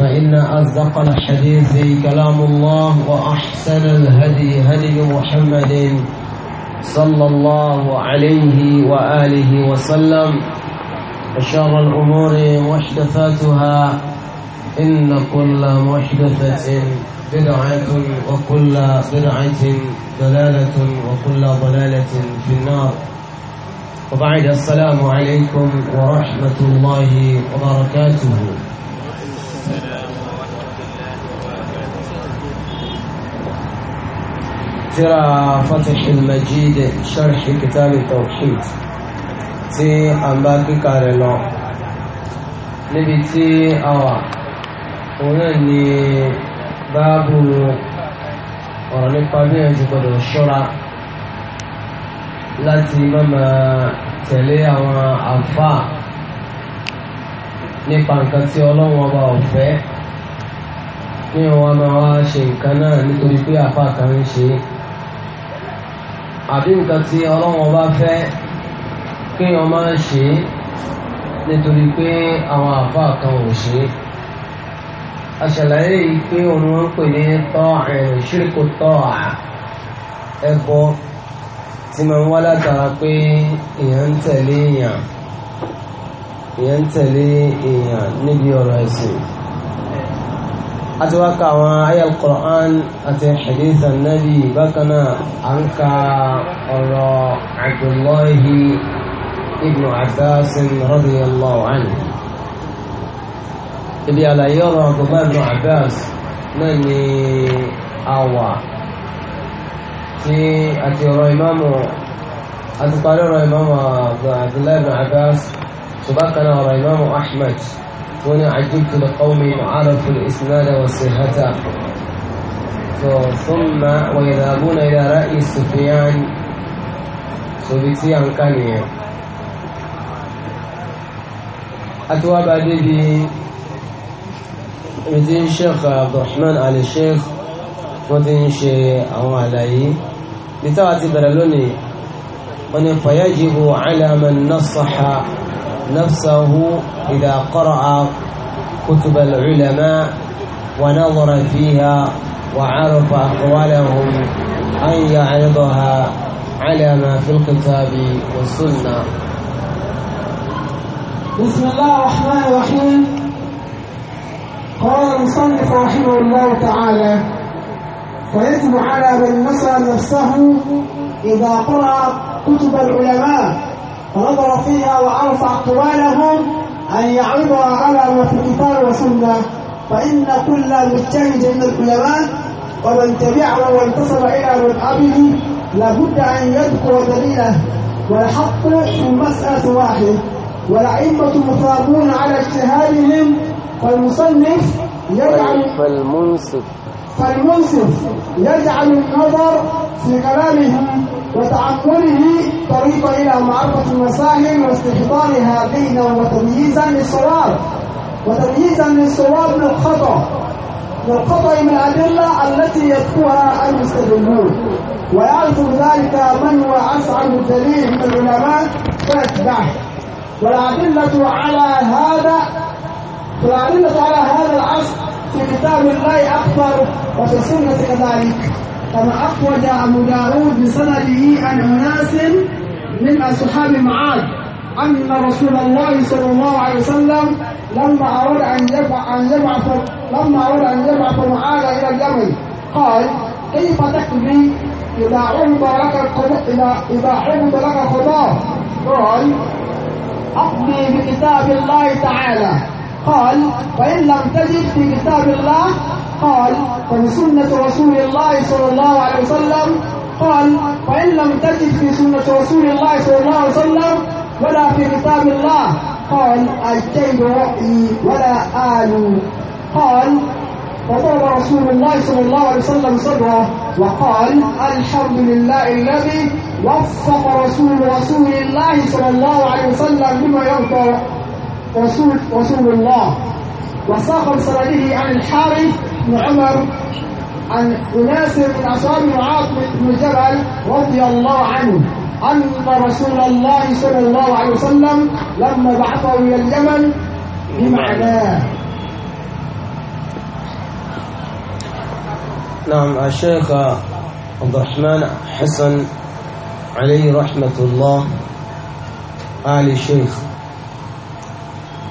فإن أصدق الحديث كلام الله وأحسن الهدي هدي محمد صلى الله عليه وآله وسلم وشر الأمور محدثاتها إن كل محدثة بدعة وكل بدعة ضلالة وكل ضلالة في النار وبعد السلام عليكم ورحمة الله وبركاته ترى فتح المجيد شرح كتاب التوحيد تي أمباكي كارلو نبي تي أوا ونني باب ورنبقى بيه تقول الشرع láti mọ́mọ́ tẹ̀lé àwọn àfà nípa nǹkan tí ọlọ́run ọba ọ̀fẹ́ ní wọn máa wá ṣe nǹkan náà nítorí pé àfà kan ń ṣe é àbí nǹkan tí ọlọ́wọ́n bá fẹ́ kéèyàn máa ṣe nítorí pé àwọn àfa kan ò ṣe é aṣàlàyé yìí pé òun ń pè ní tọ́ ẹ̀rìn ṣírkù tọ́ ẹbọ tí máa ń wá látara pé èèyàn ń tẹ̀lé èèyàn èèyàn ń tẹ̀lé èèyàn níbi ọ̀rọ̀ ẹ̀sìn àti wá ka àwọn ayé al-Qur'an àti hadith anabi bákan náà à ń ka ọ̀rọ̀ Abdullahi ibn Abbas radiyallahu anhu ibi àlàyé ọ̀rọ̀ Abdullahi ibn Abbas náà ni àwà tí àti ọ̀rọ̀ ìmáàmù àti parí ọ̀rọ̀ ìmáàmù Abdullahi ibn Abbas ṣùgbọ́n kan ọ̀rọ̀ ìmáàmù Ahmad وانا عجبت لقومي عرفوا الإسلام والصحة ثم ويذهبون إلى رأي سفيان سفيان كانية أتوا بعدي في مدين شيخ عبد الرحمن على الشيخ مدين شيخ أو علي لتعطي برلوني ونفيجب على من نصح نفسه إذا قرأ كتب العلماء ونظر فيها وعرف أقوالهم أن يعرضها على ما في الكتاب والسنة بسم الله الرحمن الرحيم قال المصنف رحمه الله تعالى فيجب على من نسى نفسه إذا قرأ كتب العلماء ونظر فيها وعرف أقوالهم أن يعرضها على ما في الكتاب والسنة فإن كل مجتهد من العلماء ومن تبعه وانتصب إلى مذهبه لابد أن يذكر دليله والحق في مسألة واحد والأئمة مثابون على اجتهادهم فالمصنف يجعل فالمنصف فالمنصف يجعل النظر في كلامهم وتعقله طريق إلى معرفة المساهم واستحضارها بين وتمييزا للصواب وتمييزا للصواب من الخطأ من من الأدلة التي يدفعها المستدلون ويعرف ذلك من هو أسعد الدليل من العلماء فيتبعه والأدلة على هذا والأدلة على هذا العصر في كتاب الله اكبر وفي السنة كذلك كما أخرج أبو داود بسنده عن أناس من أصحاب معاذ أن رسول الله صلى الله عليه وسلم لما أراد أن يبعث لما أراد أن يبعث معاذ إلى اليمن قال كيف تكفي إذا عرض لك إذا إذا عرض لك قال أقضي بكتاب الله تعالى قال وإن لم تجد في كتاب الله قال سنة رسول الله صلى الله عليه وسلم قال وإن لم تجد في سنة رسول الله صلى الله عليه وسلم ولا في كتاب الله قال الكيد رأيي ولا آل قال وضرب رسول الله صلى الله عليه وسلم صدره وقال الحمد لله الذي وفق رسول رسول الله صلى الله عليه وسلم بما يرضى رسول رسول الله وساق بسنده عن الحارث بن عمر عن أناس من أصحاب معاذ بن جبل رضي الله عنه أن رسول الله صلى الله عليه وسلم لما بعثه إلى اليمن بمعناه نعم الشيخ عبد الرحمن حسن عليه رحمة الله آل الشيخ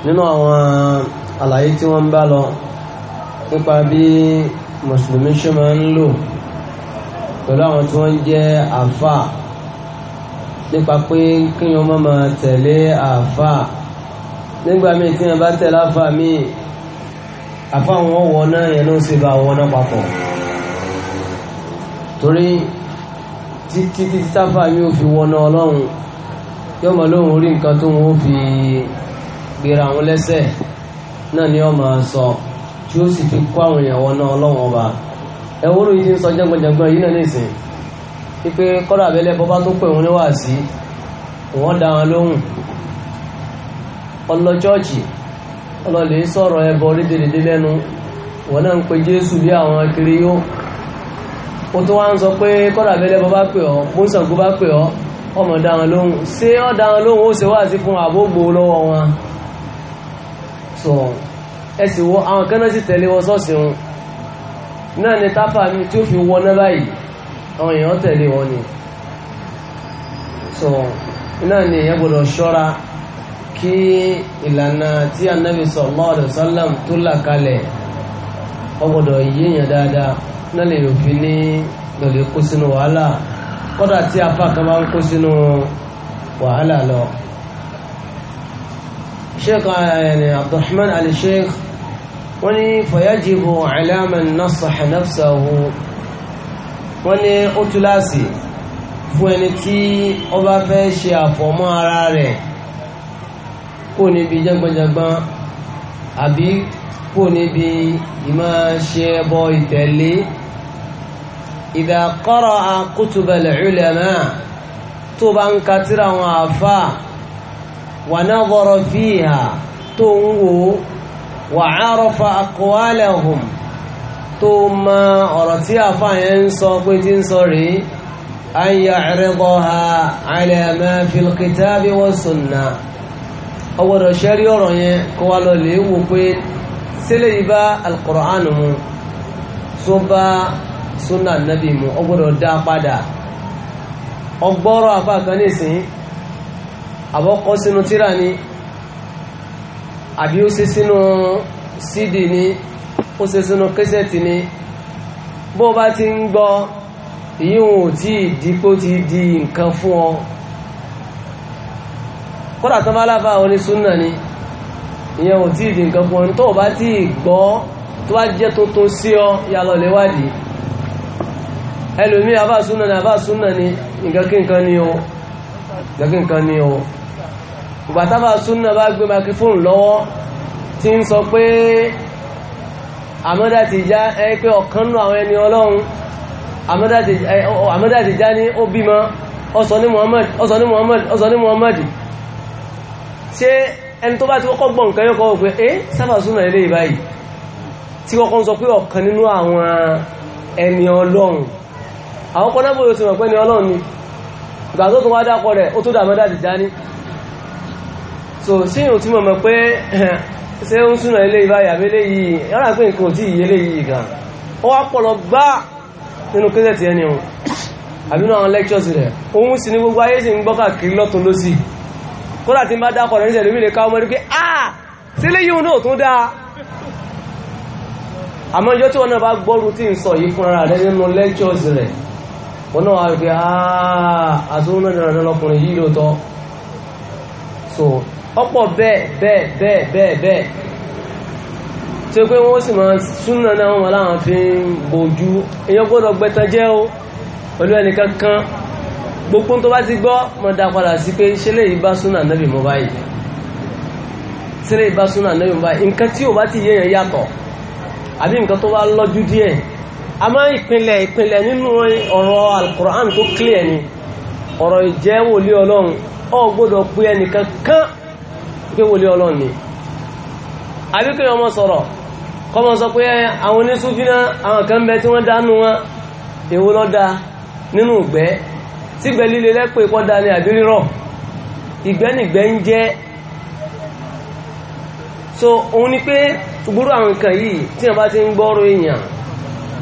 nínú àwọn àlàyé tí wọ́n ń bá lọ nípa bí mùsùlùmí ṣe máa ń lò pẹ̀lú àwọn tí wọ́n jẹ́ àfà nípa pé kíyàn mọ́ máa tẹ̀lé àfà nígbà míì tí wọ́n bá tẹ̀lé àfà míì àfà wọn wọ náà yẹn ló sì bá wọn náà papọ̀ torí títí títí táfà mi ò fi wọná ọlọ́run yóò mọ lóhun orí nǹkan tó wọn ó fi gbéra àwọn lẹ́sẹ̀ náà ni ọ máa sọ tí ó sì fi kó àwọn èèyàn náà ọlọ́wọ́n ọba ẹ̀wúrò yìí ti ń sọ jẹ́gbọ̀njẹ̀gbọ̀n yìí náà nìsín wípé kọ́dà abẹ́lẹ́ bọ́bá tó pè wọ́n níwà sí wọ́n dá wọn lóhùn ọlọ chọ́ọ̀chì Jésù bí àwọn kiri yó wá ń sọ pé kọ́dà abẹ́lẹ́ bọ́bá pè ọ́ pè ọ́ ọmọ wọn lóhùn ṣé ọ́ wọn lóhùn ó ṣe wá sí so ẹsì wọ àwọn kan náà sì tẹ̀lé wọn sọ́ọ̀sì wọn náà ni tápà mi tí ó fi wọ náà báyìí àwọn èèyàn tẹ̀lé wọn ni so náà ni èèyàn gbọdọ̀ ṣọ́ra kí ìlànà tí anabi sallallahu alaihi wasallam tó là kalẹ̀ ọgbọ̀dọ̀ yíyàn dáadáa náà lè yóò fi ní lọ́lẹ̀ kó sínú wàhálà kọ́dà tí apá kan bá ń kó sínú wàhálà lọ. الشيخ يعني عبد الرحمن آل الشيخ وني فيجب على من نصح نفسه وني أتلاسي fún ẹni tí ọba fẹ́ ṣe àfọ̀mọ́ ara rẹ̀ kó níbi jẹ́gbọ́njẹ́gbọ́n àbí kó níbi ìmọ̀ ṣe ẹbọ ìtẹ̀lé idha qara'a kutubal ulama tó bá ń ka tírà àwọn àfáà wa nadhara fiha tó ń wo wa arafa aqwalahum tó ma ọ̀rọ̀ tí àfáàyẹ ń sọ an ya'ridaha ala ma fil kitabi wa sunnah ọgbọ̀dọ̀ ṣẹ́rí ọ̀rọ̀ yẹn mu nabi mu àbọ́kọ́ sínú tíra ni àbí ó ṣe sínú sídì ni ó ṣe sínú kẹsẹ̀tì ni bó bá ti ń gbọ́ ìyíhun ò tí ì di pé ó ti di nǹkan fún ọ kódà tó bá láfa àwọn onísúnà ni ìyẹn ò tí ì di nǹkan fún ọ tó o bá tí gbọ́ tó bá jẹ́ tuntun sí ọ yà lọ léwádìí ẹlòmíì abáṣúná ni abáṣúná ni nǹkan kí nǹkan ni o nǹkan kí nǹkan ni o ìgbàtàbà súnà bá gbé makifóòn lọ́wọ́ tí ń sọ pé àmọ́dá Tìjá ẹ pé ọ̀kanú àwọn ẹni ọlọ́run àmọ́dá Tìjá ní ó bímọ ọsọ ní Muhammad ọsọ ní Muhammad ọsọ ní Muhammad ṣe ẹni tó bá ti kọ́kọ́ gbọ́ nǹkan yọ́kọ́ pé é sábà súnà ilé ìbáyìí tí kọ́kọ́ ń sọ pé ọ̀kan nínú àwọn ẹni ọlọ́run àwọn kọ́nà bóyá ó ti mọ̀ pé ẹni ọlọ́run ni ìgbà tó tún wá dákọ̀ rẹ̀ ó tó dà àmọ́dá Tìjá ní so ṣé o túnmọ̀ mọ̀ pé eh, ṣé ó ń súnà ilé ìbáyà abẹ́lé yìí yára pé nǹkan ò tí ìyẹlé yìí gan ó wá pọ̀lọ̀ gbá nínú kẹ́sẹ̀tì ẹni o àbí nínú àwọn lectures rẹ̀ òun sì ní gbogbo ayé sì ń gbọ́ káàkiri lọ́tún lọ́sì kódà tí n bá dákọ̀ rẹ̀ níṣẹ́ lómi lè ká pé a ah! ṣé léyìí òun náà tún dáa àmọ́ ìjọ tí wọn náà bá gbọ́rú tí ń sọ yìí fúnra rẹ̀ nínú lectures rẹ̀ wọn náà a ah! àtúntò náà lọ́kùnrin yìí so ọ̀pọ̀ bẹ́ẹ̀ bẹ́ẹ̀ bẹ́ẹ̀ bẹ́ẹ̀ bẹ́ẹ̀ tí ó pé wọ́n sì máa náà wọn fi ń bòjú èyàn gbọ́dọ̀ gbẹ̀tàn o pẹ̀lú ẹnìkan kan gbogbo tó bá ti gbọ́ mọ̀ dá padà sí pé yìí bá báyìí yìí bá báyìí nǹkan tí bá ti àbí nǹkan tó bá a máa ìpínlẹ̀ ìpínlẹ̀ nínú ọ̀rọ̀ alukur'an tó clear ni ọ̀rọ̀ kan pé wòlé ọlọ́run ni àbí kí ọmọ sọ̀rọ̀ kọmọ sọ pé àwọn oníṣúfínà àwọn kan bẹ tí wọ́n dánú wọn èwo lọ́dá nínú ìgbẹ́ sígbẹ́ líle lẹ́pẹ́ ìpọ́dá ni àbí rírọ̀ ìgbẹ́ nìgbẹ́ ń jẹ́ so òun ni pé gbúrú àwọn nǹkan yìí tí wọ́n bá ti ń gbọ́rọ̀ èèyàn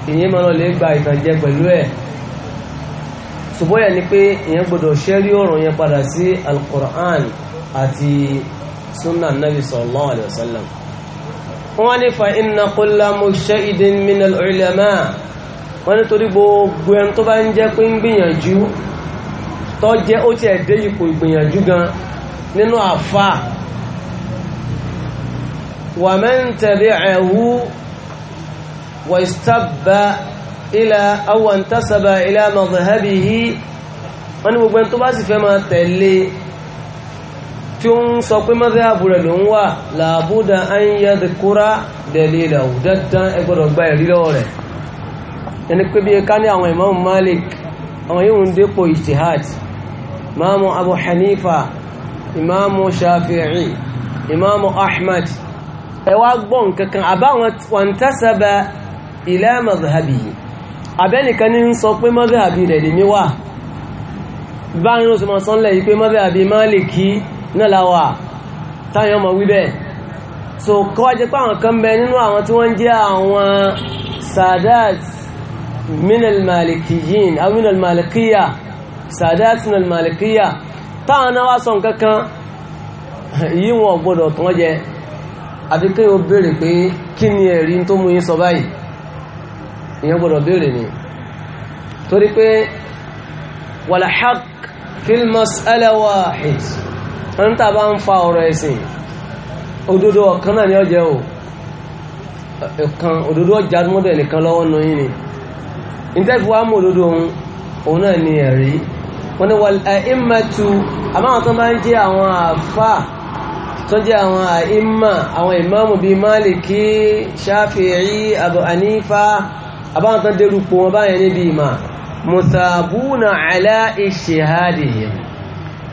èèyàn máa lọ lè gba ìtànjẹ pẹ̀lú ẹ̀ ṣùgbọ́n yẹn ni pé èèyàn gbọ́dọ̀ ṣẹ́rí ọ̀rọ̀ yẹn padà sí Al-Qur'an àti sunna nabi sallallahu alayhi wa sallam wọ́n ní fa inna kulla mujtahidin min al-ulama wọ́n ní torí gbogbo ẹni tó bá ń jẹ́ pé ń gbìyànjú tó jẹ́ ó ti ẹ̀dẹ́ ipò ìgbìyànjú gan nínú àfà wa man tabi'ahu wa istabba ila aw intasaba ila madhhabihi tí ó ń sọ pé mọ́síláàbù rẹ̀ ló ń wà làbúdà ayé kúrá dẹ̀lẹ́lẹ̀ dandan ẹ gbọ́dọ̀ gba ẹ̀rí lọ́wọ́ rẹ̀ ẹni pé bí ká ní àwọn Imam Malik àwọn yóò ń dépò ijtihad imamu Abu Hanifa imamu Shafi'i imamu Ahmad ẹ wá gbọ́ nkankan àbáwọn wọn tásàbà ila madhhabihi abẹ́nìkan ní ń sọ pé madhhabi rẹ̀ lè mi wà báyìí ó sì mọ̀ sọ́nlẹ̀ yìí pé madhhabi Maliki náà láwà táyàn mọ̀ wíbẹ̀ so kọ́wàá jẹ́ pé àwọn kan bẹ nínú àwọn tí wọ́n jẹ́ àwọn sadat minal malikiyin aw minal malikiya sadat minal malikiya táwọn náà wá sọ nǹkan kan yí wọn gbọdọ̀ tán jẹ àfi kí o béèrè pé kí ni ẹ̀rí tó mú yín sọ báyìí ìyẹn gbọdọ̀ béèrè ni torí pé wal haqq fil mas'ala ń tà bá ń fa ọ̀rọ̀ ẹ̀sìn òdodo ọ̀kan náà ni ọ jẹ́ o ọjà mọ́dọ̀ ẹnìkan lọ́wọ́ nù yín ni ìtẹ́fù wa mú òdodo òun náà ni ẹ̀rí wọ́n ni wà ẹ̀ẹ́mẹ́tu àmáwọn tó máa ń jẹ́ àwọn àfà tó jẹ́ àwọn àìmà àwọn bíi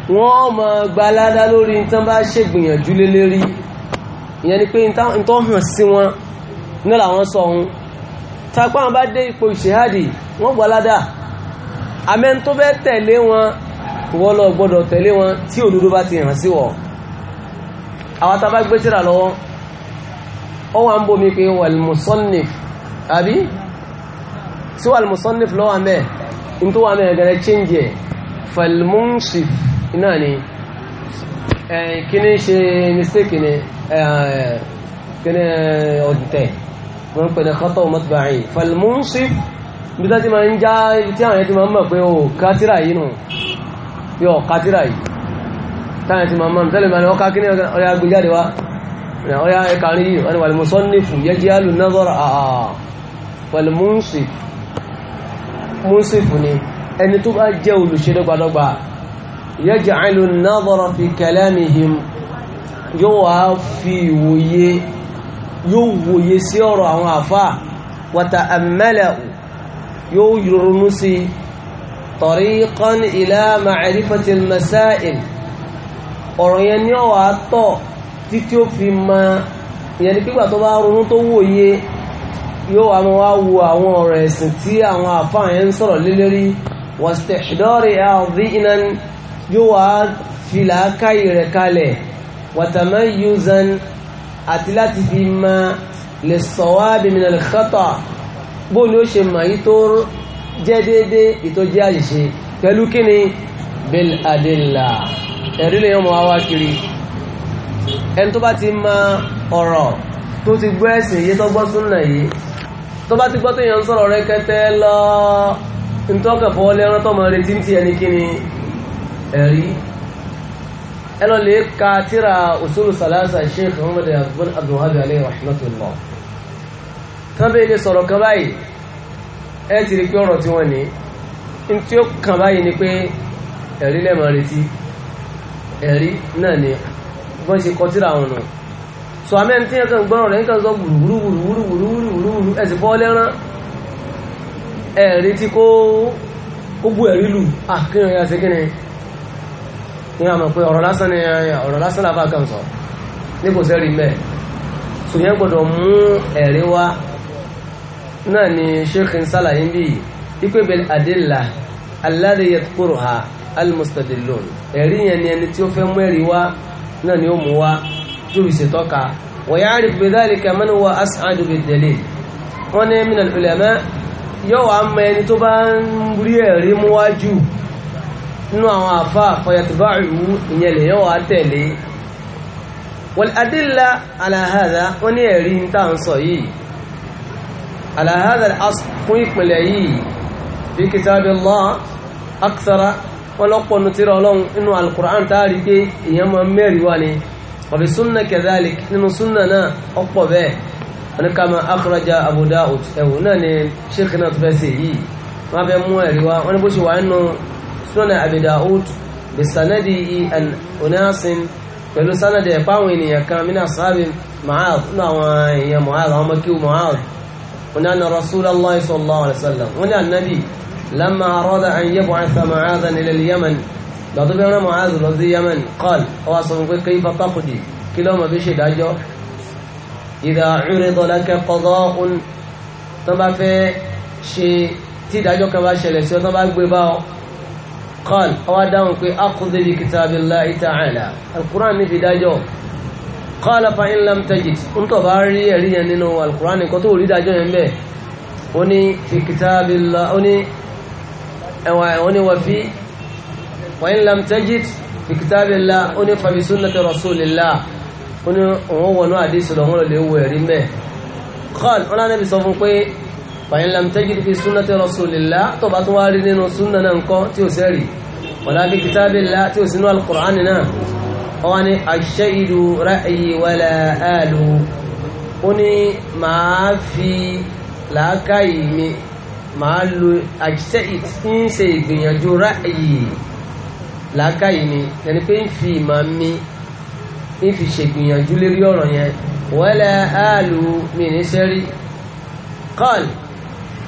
wọ́n mọ̀ gbalada lórí tán bá ṣègbìyànjú lé lérí ìyẹn ni pé tó hàn sí wọn ní làwọn sọ ohun tapá wọn bá dé ipò ìṣèhádì wọ́n gbalada amẹ́ni tó bẹ́ tẹ̀lé wọn wọ́n lọ gbọ́dọ̀ tẹ̀lé wọn tí òdodo bá ti hàn sí wọ̀ àwọn tá gbé tíra lọ́wọ́ ó wà ń bomi pé wàlmùsọ́nìf àbí iná ni kíní ṣe mistake ni kíní ọ̀dùtẹ̀ wọ́n pè ní kọ́tọ̀ mọ́tìbáyìn falmunsif bí tá ti máa ń já ibi tí àwọn ẹ̀ ti máa ń mọ̀ pé o oh, kátírà yìí nù yọ kátírà yìí táwọn ti máa mọ̀ tẹ́lẹ̀ máa ní ọkà kíní ọ̀yà gbéjáde wá ọ̀yà ẹ̀kàrí yìí wọ́n ni wàlmùsọ́nìfù yẹ jẹ́ alùnázọ́rọ̀ àà wàlmùnsif múnsif yaj'alu an-nadhara fi kalamihim yóò wá fi ìwòye yóò wòye sí ọ̀rọ̀ àwọn àfá wa ta'ammala yóò ronú sí tariqan ila ma'rifati al-masail ọ̀rọ̀ yẹn ní ọ̀wà tọ̀ títí ó fi ma ìyẹn ni pígbà tó bá ronú tó wòye yóò wá mọ́ wá wo àwọn ọ̀rọ̀ ẹ̀sìn tí àwọn àfáà yẹn ń sọ̀rọ̀ lélẹ́rí wọ́n stẹ̀ṣìdọ́rì yóò wá fìlà káyì rẹ̀ kalẹ̀ wàtàmá yuzan àti láti fi ma lè sọ̀wá bìmìnà lè kọ́tọ̀ bó ni ó ṣe mà yí tó jẹ́ déédé ìtọ́jẹ́ àṣìṣe pẹ̀lú kíni bil adilla ẹ̀rí lè yọmọ wá kiri ẹni tó bá ti ma ọ̀rọ̀ tó ti gbọ́ ẹ̀sìn yìí tó gbọ́ súnà yìí tó bá ti gbọ́ tó yàn sọ̀rọ̀ rẹ̀ kẹtẹ́ lọ ntọ́kẹ̀fọ́ lẹ́rán tó mọ̀ retí ti ẹni kíni ẹ̀rí ẹlọ lè ka tíra usulu salasa sheikh muhammad abdul abdulhabi alayhi rahmatullah tán bẹ́ẹ̀ ni sọ̀rọ̀ kan báyìí ẹ ti rí pé ọ̀rọ̀ tí wọ́n ní n tí ó kàn báyìí ni pé ẹ̀rí lẹ́mọ̀ retí ẹ̀rí náà ni bọ́n ṣe kọ tíra wọn nù sọ amẹ́ni tí yẹn kan gbọ́rọ̀ rẹ̀ nǹkan sọ wùrúwùrúwùrúwùrúwùrú ẹ̀sìn bọ́ lẹ́rán ẹ̀rí tí kó gbogbo ẹ̀rí lù àkínyàn yá sí kíni ní àmọ̀ pé ọ̀rọ̀ lásán ni ọ̀rọ̀ lásán làbá kan sọ ní kò sẹ́rí mẹ́ ṣùgbọ́n gbọ́dọ̀ mú ẹ̀rí wá náà ni sheikh ń sálàyé ń bí yìí wípé bẹ́ẹ̀ adéla alladhi yadhkuruha almustadillun ẹ̀rí yẹn ni ẹni tí ó fẹ́ mú ẹ̀rí wá náà ni ó mú wá tó fi ṣètọ́ka wọ́n ní minal ulama yóò wá mọ ẹni tó bá ń rí ẹ̀rí mú nínú àwọn àfá fọyàtìbá ìwú ìyẹn lè yọ́ wà tẹ̀lé wal adilla ala hadha wọ́n ní ẹ̀rí ń tà ń sọ yìí ala hadha fún ìpìlẹ̀ yìí fi kitabillah akthara wọ́n lọ́pọ̀ nù tíra ọlọ́run inú al-Qur'an táàrí pé èèyàn máa mẹ́rin wà ní ọ̀bí súnnà kadhalik sunan abi dawud bisanadi an onasin pẹ̀lú sanadi ẹ̀pá àwọn ènìyàn kan mina sábì Mu'adh nínú àwọn èèyàn Mu'adh àwọn ọmọ kíw Mu'adh wọn ni Rasulullahi sallallahu alaihi wasallam wọn ni anabi lamma arada an tó bá fẹ́ ṣe tí ìdájọ́ kan bá ṣẹlẹ̀ sí ọ tó bá gbé bá قال هو داون كي أخذ بكتاب الله تعالى القرآن في داجو قال فإن لم تجد أنت باري أريد أن ننو القرآن كتو أريد أجو ينبه وني في كتاب الله وني وني وفي وإن لم تجد في كتاب الله وني فبسنة رسول الله وني هو نوع ديس لهم اللي هو يرمه قال أنا نبي صفن fàyín lamtẹ́gìdì fi sunnati rasulillah tó bá tún wá rí nínú súnà náà nǹkan tí ó sẹ́rì wàlá fi kitabillah tí ó sínú alkùránì náà wọ́n ni ash-shaydu ra'yi wala alu ó ní máa fi làákàyè mi máa lo ash-shaydu tí ń ṣe ìgbìyànjú ra'yi làákàyè mi ẹni pé ń fi ìmọ̀ mi ń fi ṣègbìyànjú lérí ọ̀rọ̀ yẹn wala alu mi ní sẹ́rí kọ́ọ̀lù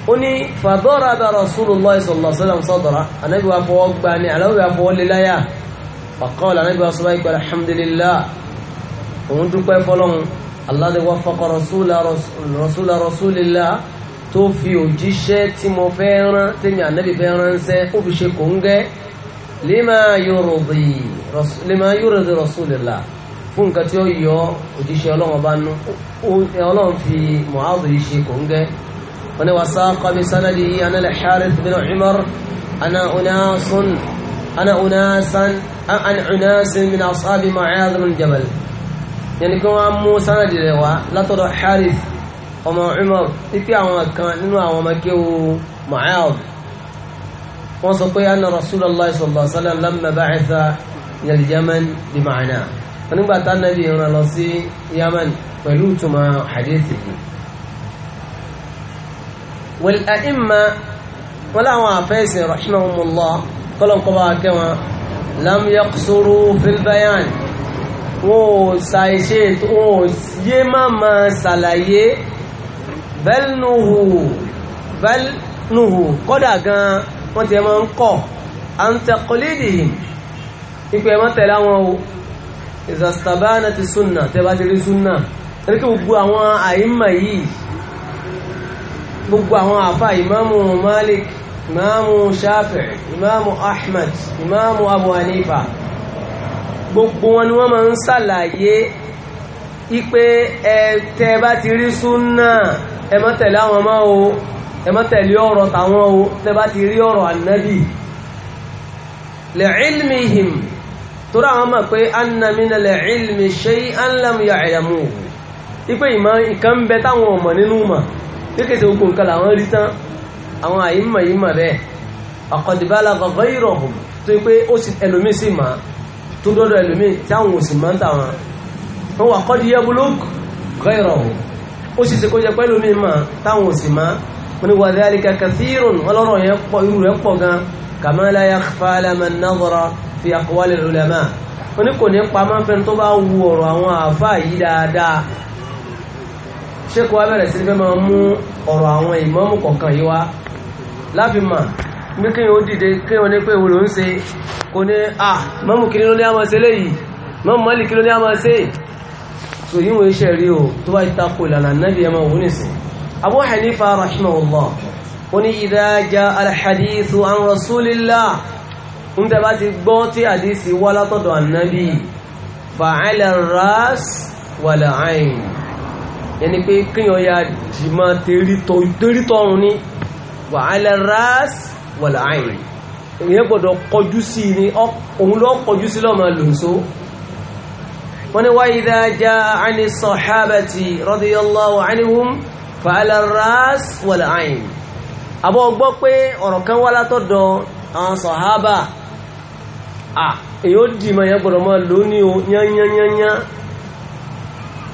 ó ní fadaraba Rasulullahi sallallahu alaihi wasallam sadra anábì wa fọwọ́ gba ni aláwọ̀ wa fọwọ́ léláyà faqala anábì wa sọ́wọ́ ìpẹ́ alhamdulillah òun dúpẹ́ fọlọ́run alladhi waffaqa rasula rasulillah tó fi òjíṣẹ́ tí mo fẹ́ rán tèmi anábì fẹ́ ránṣẹ́ ó fi ṣe kò ń gẹ́ lima yorùdì lima yorùdì rasulillah fún nǹkan tí ó yọ òjíṣẹ́ ọlọ́run bá nú ọlọ́run fi muhammadu هنا وساق بسنده أنا الحارث بن عمر أنا أناس أنا أناسا أن أناس من أصحاب معاذ بن جبل يعني كما موسى نديروا لا ترى حارث وما عمر إتي أوان كان إنه أوان كيو معاذ وصقي أن رسول الله صلى الله عليه وسلم لما بعث إلى اليمن بمعنى فنبات النبي هنا لصي يمن فلوتما حديثه wal a'imma wọn láwọn àfẹ́sìn rahimahumullah kọ́lọ̀kọ́bà kẹwọn lam yaqsuru fil bayan wọn ò ṣàìṣe wọn ò yé máa ma ṣàlàyé bẹ́lnuhu bẹ́lnuhu kọ́dà gan wọ́n ti máa ń kọ́ àǹtẹ̀kọ́lídì ipò ẹ̀mọ́ tẹ̀lé àwọn ìzàstàbánà ti súnà tẹ́bá ti rí súnà torí kí gbogbo àwọn àìmọ̀ yìí gbogbo àwọn àfà ìmáàmù Malik ìmáàmù Shafi'i ìmáàmù Ahmad ìmáàmù Abu Hanifa gbogbo wọn ni wọ́n máa ń sàlàyé ipé ẹ̀tẹ́ bá ti rí súnà ẹ má tẹ̀lé àwọn ọmọ o ẹ má tẹ̀lé ọ̀rọ̀ tàwọn o tẹ́ bá ti rí ọ̀rọ̀ ànábì li'ilmihim torí àwọn mọ̀ pé anna mina li'ilmi shay'an lam ya'lamuhu ipé ìmọ̀ ìkan táwọn ọmọ nínú mọ̀ kékeré gbogbo nǹkan làwọn rí tán àwọn àyímọ̀ yìí mọ̀ bẹ́ẹ̀ ọ̀kọ̀dìbálà bàbá ìrọ̀hùn tó yí pé ó sì ẹlòmíì sì mà tó dọ́dọ̀ ẹlòmíì tí àwọn ò sì máa ń tàwọn wọn wà kọ́dí yẹ́bùlóg gọ́ìrọ̀hùn ó sì ṣe kó jẹ́ pẹ́lòmíì mà táwọn ò sì wọn ni wà dáálí kàkà fírùn wọn yẹn pọ̀ irú rẹ̀ pọ̀ gan kàmáàlá ya fàlàmà nàzọ̀rọ̀ fi àkọwálẹ̀ lọ́lẹ́mà ṣékò wa bẹ̀rẹ̀ sí fẹ́ máa mú ọ̀rọ̀ àwọn ìmáàmù kọ̀ọ̀kan yìí wá láfi mà bí kí o dìde kí o ní pé òun ló ń ṣe kò ní à mọ́mù kí ló ní a máa ṣe léyìí mọ́mù mọ́lì kí ló ní a máa ṣe so yíwo iṣẹ́ rí o tó bá ta kò ìlànà náàbì ẹmọ òun nìsín Abu Hanifa rahimahullah ó ní idha jaa an rasulillah ń tẹ́ bá ti gbọ́ tí àdísì wá látọ̀dọ̀ ànábì fa'ala ras wal-ayn yẹni pé kíyàn ya jìmọ́ tẹ́rítọ́rùn ní wà alẹ́rás wà láàrin èyẹ gbọ́dọ̀ kọjú sí ní òun lọ kọjú sí lọ́mọ lòsó wọ́n ni wáyé dájá àní sọ̀hábàtì radiyallahu anhum fa alẹ́rás wà láàrin àbọ̀ gbọ́ pé ọ̀rọ̀ kan wá látọ̀dọ̀ àwọn sọ̀hábà à èyí ó dìmọ̀ yẹn gbọ́dọ̀ mọ́ lónìí o yányányányá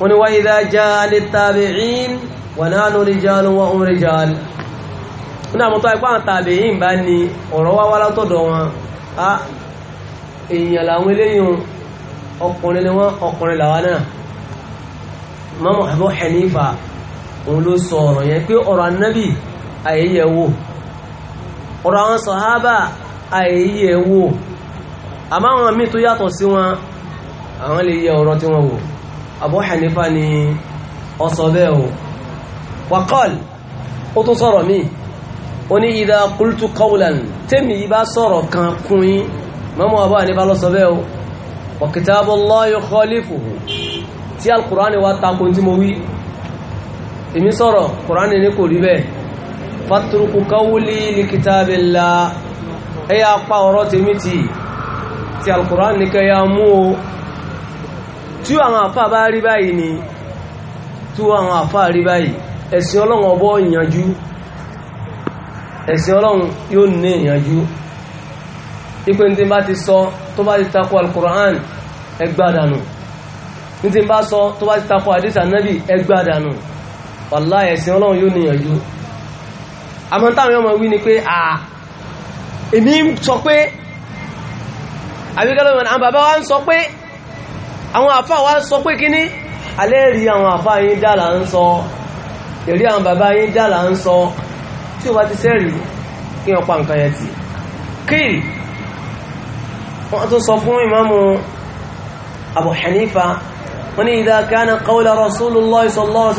wọ́n ni wáyé dájá lè tàbí'ín wà náà nù ríjálù wọ́n ń ríjálù wọ́n ni àmọ́tọ́ ipá tàbí'ín bá ní ọ̀rọ̀ wáwá látọ̀dọ̀ wọn a èèyàn làwọn eléyìn ọkùnrin ni wọ́n ọkùnrin làwa náà mọ́mọ́ Abu Hanifa òun ló sọ ọ̀rọ̀ yẹn pé ọ̀rọ̀ anábì àyẹ̀yẹ̀wò ọ̀rọ̀ àwọn sàhábà àyẹ̀yẹ̀wò àmáwọn míì tó yàtọ̀ sí wọn àwọn lè yẹ ọ̀rọ̀ tí wọ́n wò Abu Hanifa ni ọsọ bẹ́ẹ̀ o waqal ó tún sọ̀rọ̀ mi ó ní idha qultu qawlan tẹ́mi bá sọ̀rọ̀ kan kún yín mọ́mọ́ Abu Hanifa lọ́sọ bẹ́ẹ̀ o wa kitabullahi khalifuhu tí al-Qur'ani wá takò tí mo wí èmi sọ̀rọ̀ Qur'ani ní kò rí bẹ́ẹ̀ fatruku qawli li kitabillah ẹ̀yà apá tí àwọn àfà bá rí báyìí ni tí àwọn àfà rí báyìí ẹ̀sìn ọlọ́run ọbọ̀ ìyànjú ẹ̀sìn ọlọ́run yóò ní ìyànjú ipé ní tí bá ti sọ tó bá ti takò alukur'an ẹgbàdànù ní tí bá sọ tó bá ti takò àdísà nábì ẹgbàdànù wàlá ẹ̀sìn ọlọ́run yóò ní ìyànjú àmọ́ táwọn ọmọ wí ni pé à èmi sọ pé àbíkẹ́lẹ́ àwọn bàbá wa ń sọ pé àwọn àfá wá sọ pé kíní alẹ́rí àwọn àfá yín dára ń sọ èrí àwọn bàbá yín dára ń sọ tí ó bá ti sẹ́rì kí wọ́n pa nǹkan yẹn tì kí wọ́n tó sọ fún ìmáàmù Abu Hanifa wọ́n ní idha kana qawla Rasulullah sallallahu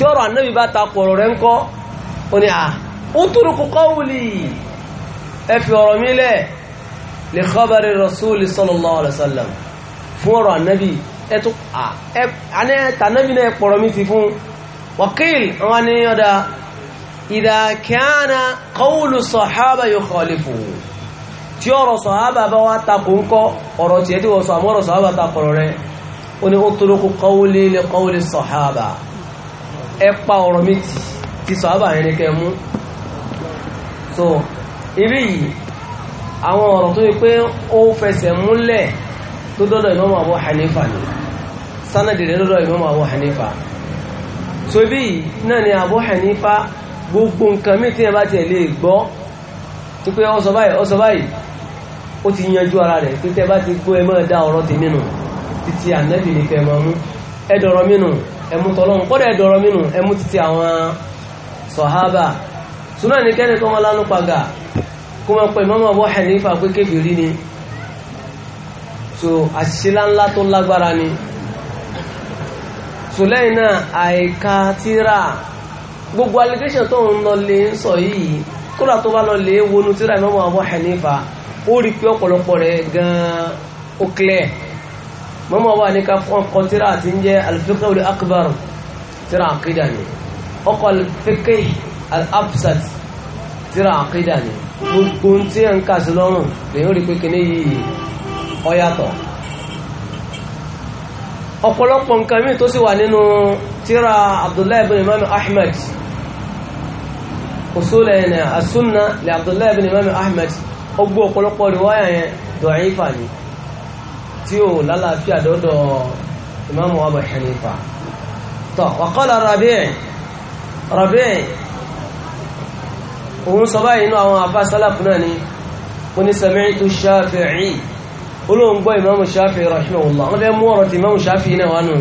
ọ̀rọ̀ ànábì lè kọ́bẹ̀rẹ̀ rasúlì sallallahu alaihi wasallam fún ọ̀rọ̀ ànábì ẹ̀tún ànábì náà pọ̀rọ̀ mi ti fún wakil wọn ni ọ̀dá idha kana qawlu sọ̀hábà yukhalifu tí ọ̀rọ̀ sọ̀hábà bá wá takò ń kọ́ ọ̀rọ̀ tí ẹ̀tí wọ́n sọ àmọ́rọ̀ sọ̀hábà takọ̀rọ̀ rẹ̀ ó ní utruku qawli li qawli sọ̀hábà ẹ pa ọ̀rọ̀ mi ti sọ̀hábà yẹn ni kẹ́ mú so ibi yìí àwọn ọ̀rọ̀ tó yẹ pé ó fẹsẹ̀ múlẹ̀ tó dọ́dọ̀ Imam Abu Hanifa ni sanadi rẹ̀ dọ́dọ̀ Imam Abu Hanifa so bí náà ni Abu Hanifa gbogbo nǹkan mí tí ẹ bá tiẹ̀ lè gbọ́ tó pé ó sọ báyìí ó sọ báyìí ó ti yanjú ara rẹ̀ pé tẹ́ bá ti gbọ́ ẹ máa dá ọ̀rọ̀ tèmi nù títí ànábì ní kẹ́ máa mú ẹ dọ̀rọ̀ mí nù kọ́dọ̀ ẹ dọ̀rọ̀ mí títí àwọn sọ̀hábà súnà ní kẹ́ni tó wọn lánú pàgà kó máa pẹ́ Imam Abu Hanifa pé kébìrí ni so àṣìṣe ńlá tó lágbára ni so lẹ́yìn náà àìka tíra gbogbo allegation tó ń lọ lè ń sọ yìí kódà tó bá lọ lè wọnú tíra Imam Abu Hanifa ó rí pé ọ̀pọ̀lọpọ̀ rẹ̀ gan-an ó clear Imam Abu Hanifa kọ́ tíra àti ń jẹ́ al-Fiqh al-Akbar tíra àkídà ni ọkọ̀ al-Fiqh al-Absat àkídà ni gbogbo tí ẹ̀ ń kà sí lọ́rùn lè ó rí pé kíní yìí ó yàtọ̀ ọ̀pọ̀lọpọ̀ nǹkan míì tó sì wà nínú tíra abdullahi bin imam ahmed òṣòlẹ̀ ẹ̀nà asúnna lè abdullahi bin imam ahmed ó gbọ́ ọ̀pọ̀lọpọ̀ ríwáyà yẹn dọ̀ífà ni tí ó lálàáfíà dọ́dọ̀ imam abu hanifa tó wàkọ́lá rabi' rabi' òun sọ báyìí inú àwọn àfá sálàfù náà ni ó ní sami'tu Shafi'i olóhùn gbọ́ ìmáàmù Shafi'i rahimahullah wọ́n fẹ́ mú ọ̀rọ̀ ti ìmáàmù Shafi'i náà wánú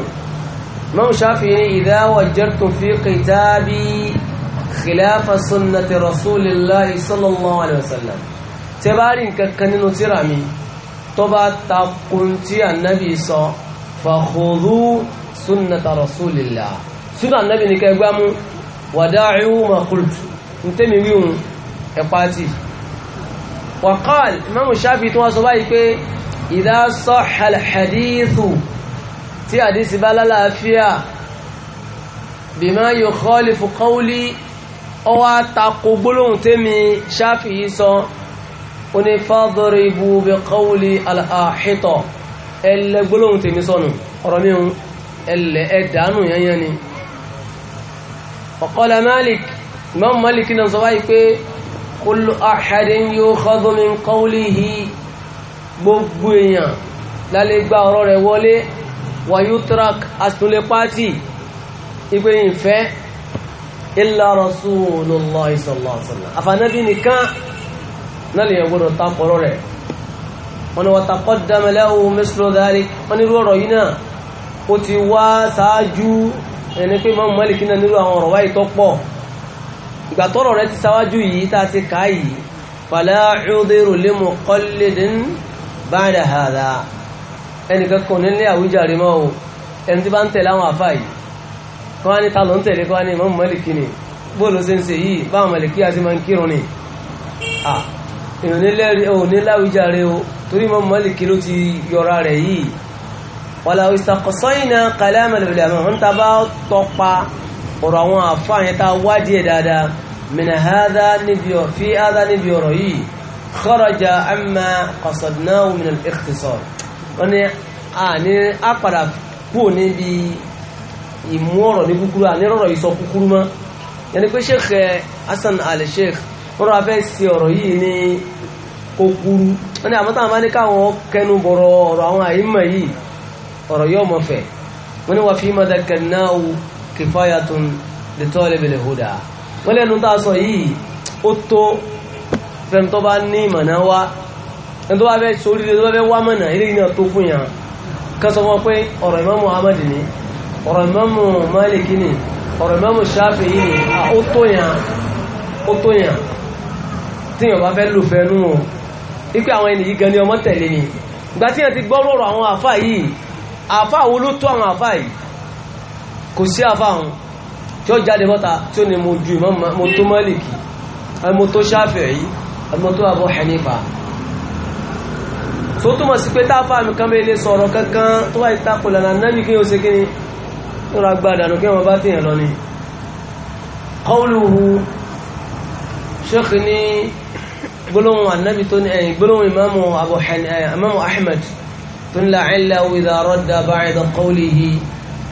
ìmáàmù Shafi'i ní idha wajadtum fi kitabi khilafa sunnati rasulillahi sallallahu alayhi wa sallam tẹ bá rí nǹkan kan nínú tíra mi tó bá takun tí ma qultu ntẹ́mi wíhun ẹ̀pátì wàkọ́l imamu shafi tó wọ́n sọ báyìí pé idha sahha al-hadithu tí àdísì bá lálàáfíà bima yukhalifu qawli ọwá takò gbólóhùn tẹ́mi shafi yìí sọ oní fadribu bi qawli al-ahita ẹlẹ gbólóhùn tẹ́mi sọnù ọ̀rọ̀ mìíràn ẹlẹ ẹ̀dánù yẹnyẹn ni wa qala Imam Malik náà sọ wáyé pé kullu ahadin yukhadhu min qawlihi gbogbo èèyàn lálẹ́ gba ọ̀rọ̀ rẹ̀ wọlé wayutrak asùnlé pàtì ìpé ìfẹ́ illa Rasulullah sallallahu alaihi wasallam àfànàbí nìkan náà lè gbọ́dọ̀ tapọ̀rọ̀ rẹ̀ wọ́n ni wa taqaddama lahu mislu dhalik wọ́n ni ó ti wá sáájú ẹni pé Imam náà nílò àwọn ọ̀rọ̀ tó pọ̀ ìgbà tọ́rọ̀ rẹ̀ ti sáwájú yìí tá a ti ká yìí fala udhiru li muqallidin ba'da hadha ẹnìkan kò nílé àwíjàre mọ́ o ẹni tí bá ń tẹ̀lé àwọn àfà yìí kí wọ́n á ní ta ló ń tẹ̀lé kí wọ́n á ní Imam Málíkì ni bóòlù ṣe ń ṣe yìí báwọn ọ̀rọ̀ àwọn àfáà yẹn tá a wádìí ẹ̀ dáadáa min hadha níbi ọ̀ fi hadha níbi ọ̀rọ̀ yìí kharaja amma qasadnahu min al-ikhtisar wọ́n ní a ní a padà kú níbi ìmú ọ̀rọ̀ ní kúkúrú àní ọ̀rọ̀ ìsọ kúkúrú mọ́ yẹn ni pé sheikh eh, hasan ali sheikh ọ̀rọ̀ afẹ́ sí ọ̀rọ̀ yìí ní kúkúrú wọ́n àmọ́tá àmọ́ ní káwọn kẹnu bọ̀rọ̀ ọ̀rọ̀ àwọn àyímọ̀ kìfáyàtún lè tọ́ lẹ́bẹ̀lẹ̀ hódà wọ́n lẹ́nu tá a sọ yìí ó tó fẹ́m tó bá ní ìmọ̀nà wá ẹni tó bá fẹ́ sórí tó bá fẹ́ wá mọ̀nà ilé iná tó fún yàn kan sọ fún pé Imam Muhammad ni ọ̀rọ̀ Imam Malik ni ọ̀rọ̀ Imam Shafi'i ni ó tó yàn ó tó yàn tí yàn bá fẹ́ lò fẹ́ nú o ipe àwọn ẹni yìí gan ni ọmọ tẹ̀lé ni ìgbà tí yàn ti gbọ́ lọ́rọ̀ àwọn àfà yìí àfà wo ló tó àwọn àfà yìí kò sí àfáhùn tí ó jáde mọ́ta tí ó ní mo ju mo tó Málíkì mo tó Ṣáfi'í mo tó Abu Hanifa tó túnmọ̀ sí pé táfà mi kan bẹ́ẹ̀ lè sọ̀rọ̀ kankan tó wáyé tako lànà nábì kí o ṣe kí ni ó ra gba àdànù kí wọ́n bá tèèyàn lọ ni qawluhu ṣéèkì ní gbólóhùn ànábì tó ní ẹ̀yìn gbólóhùn ìmáàmù Abu Hanifa tó ní la'allahu idha radda ba'da qawlihi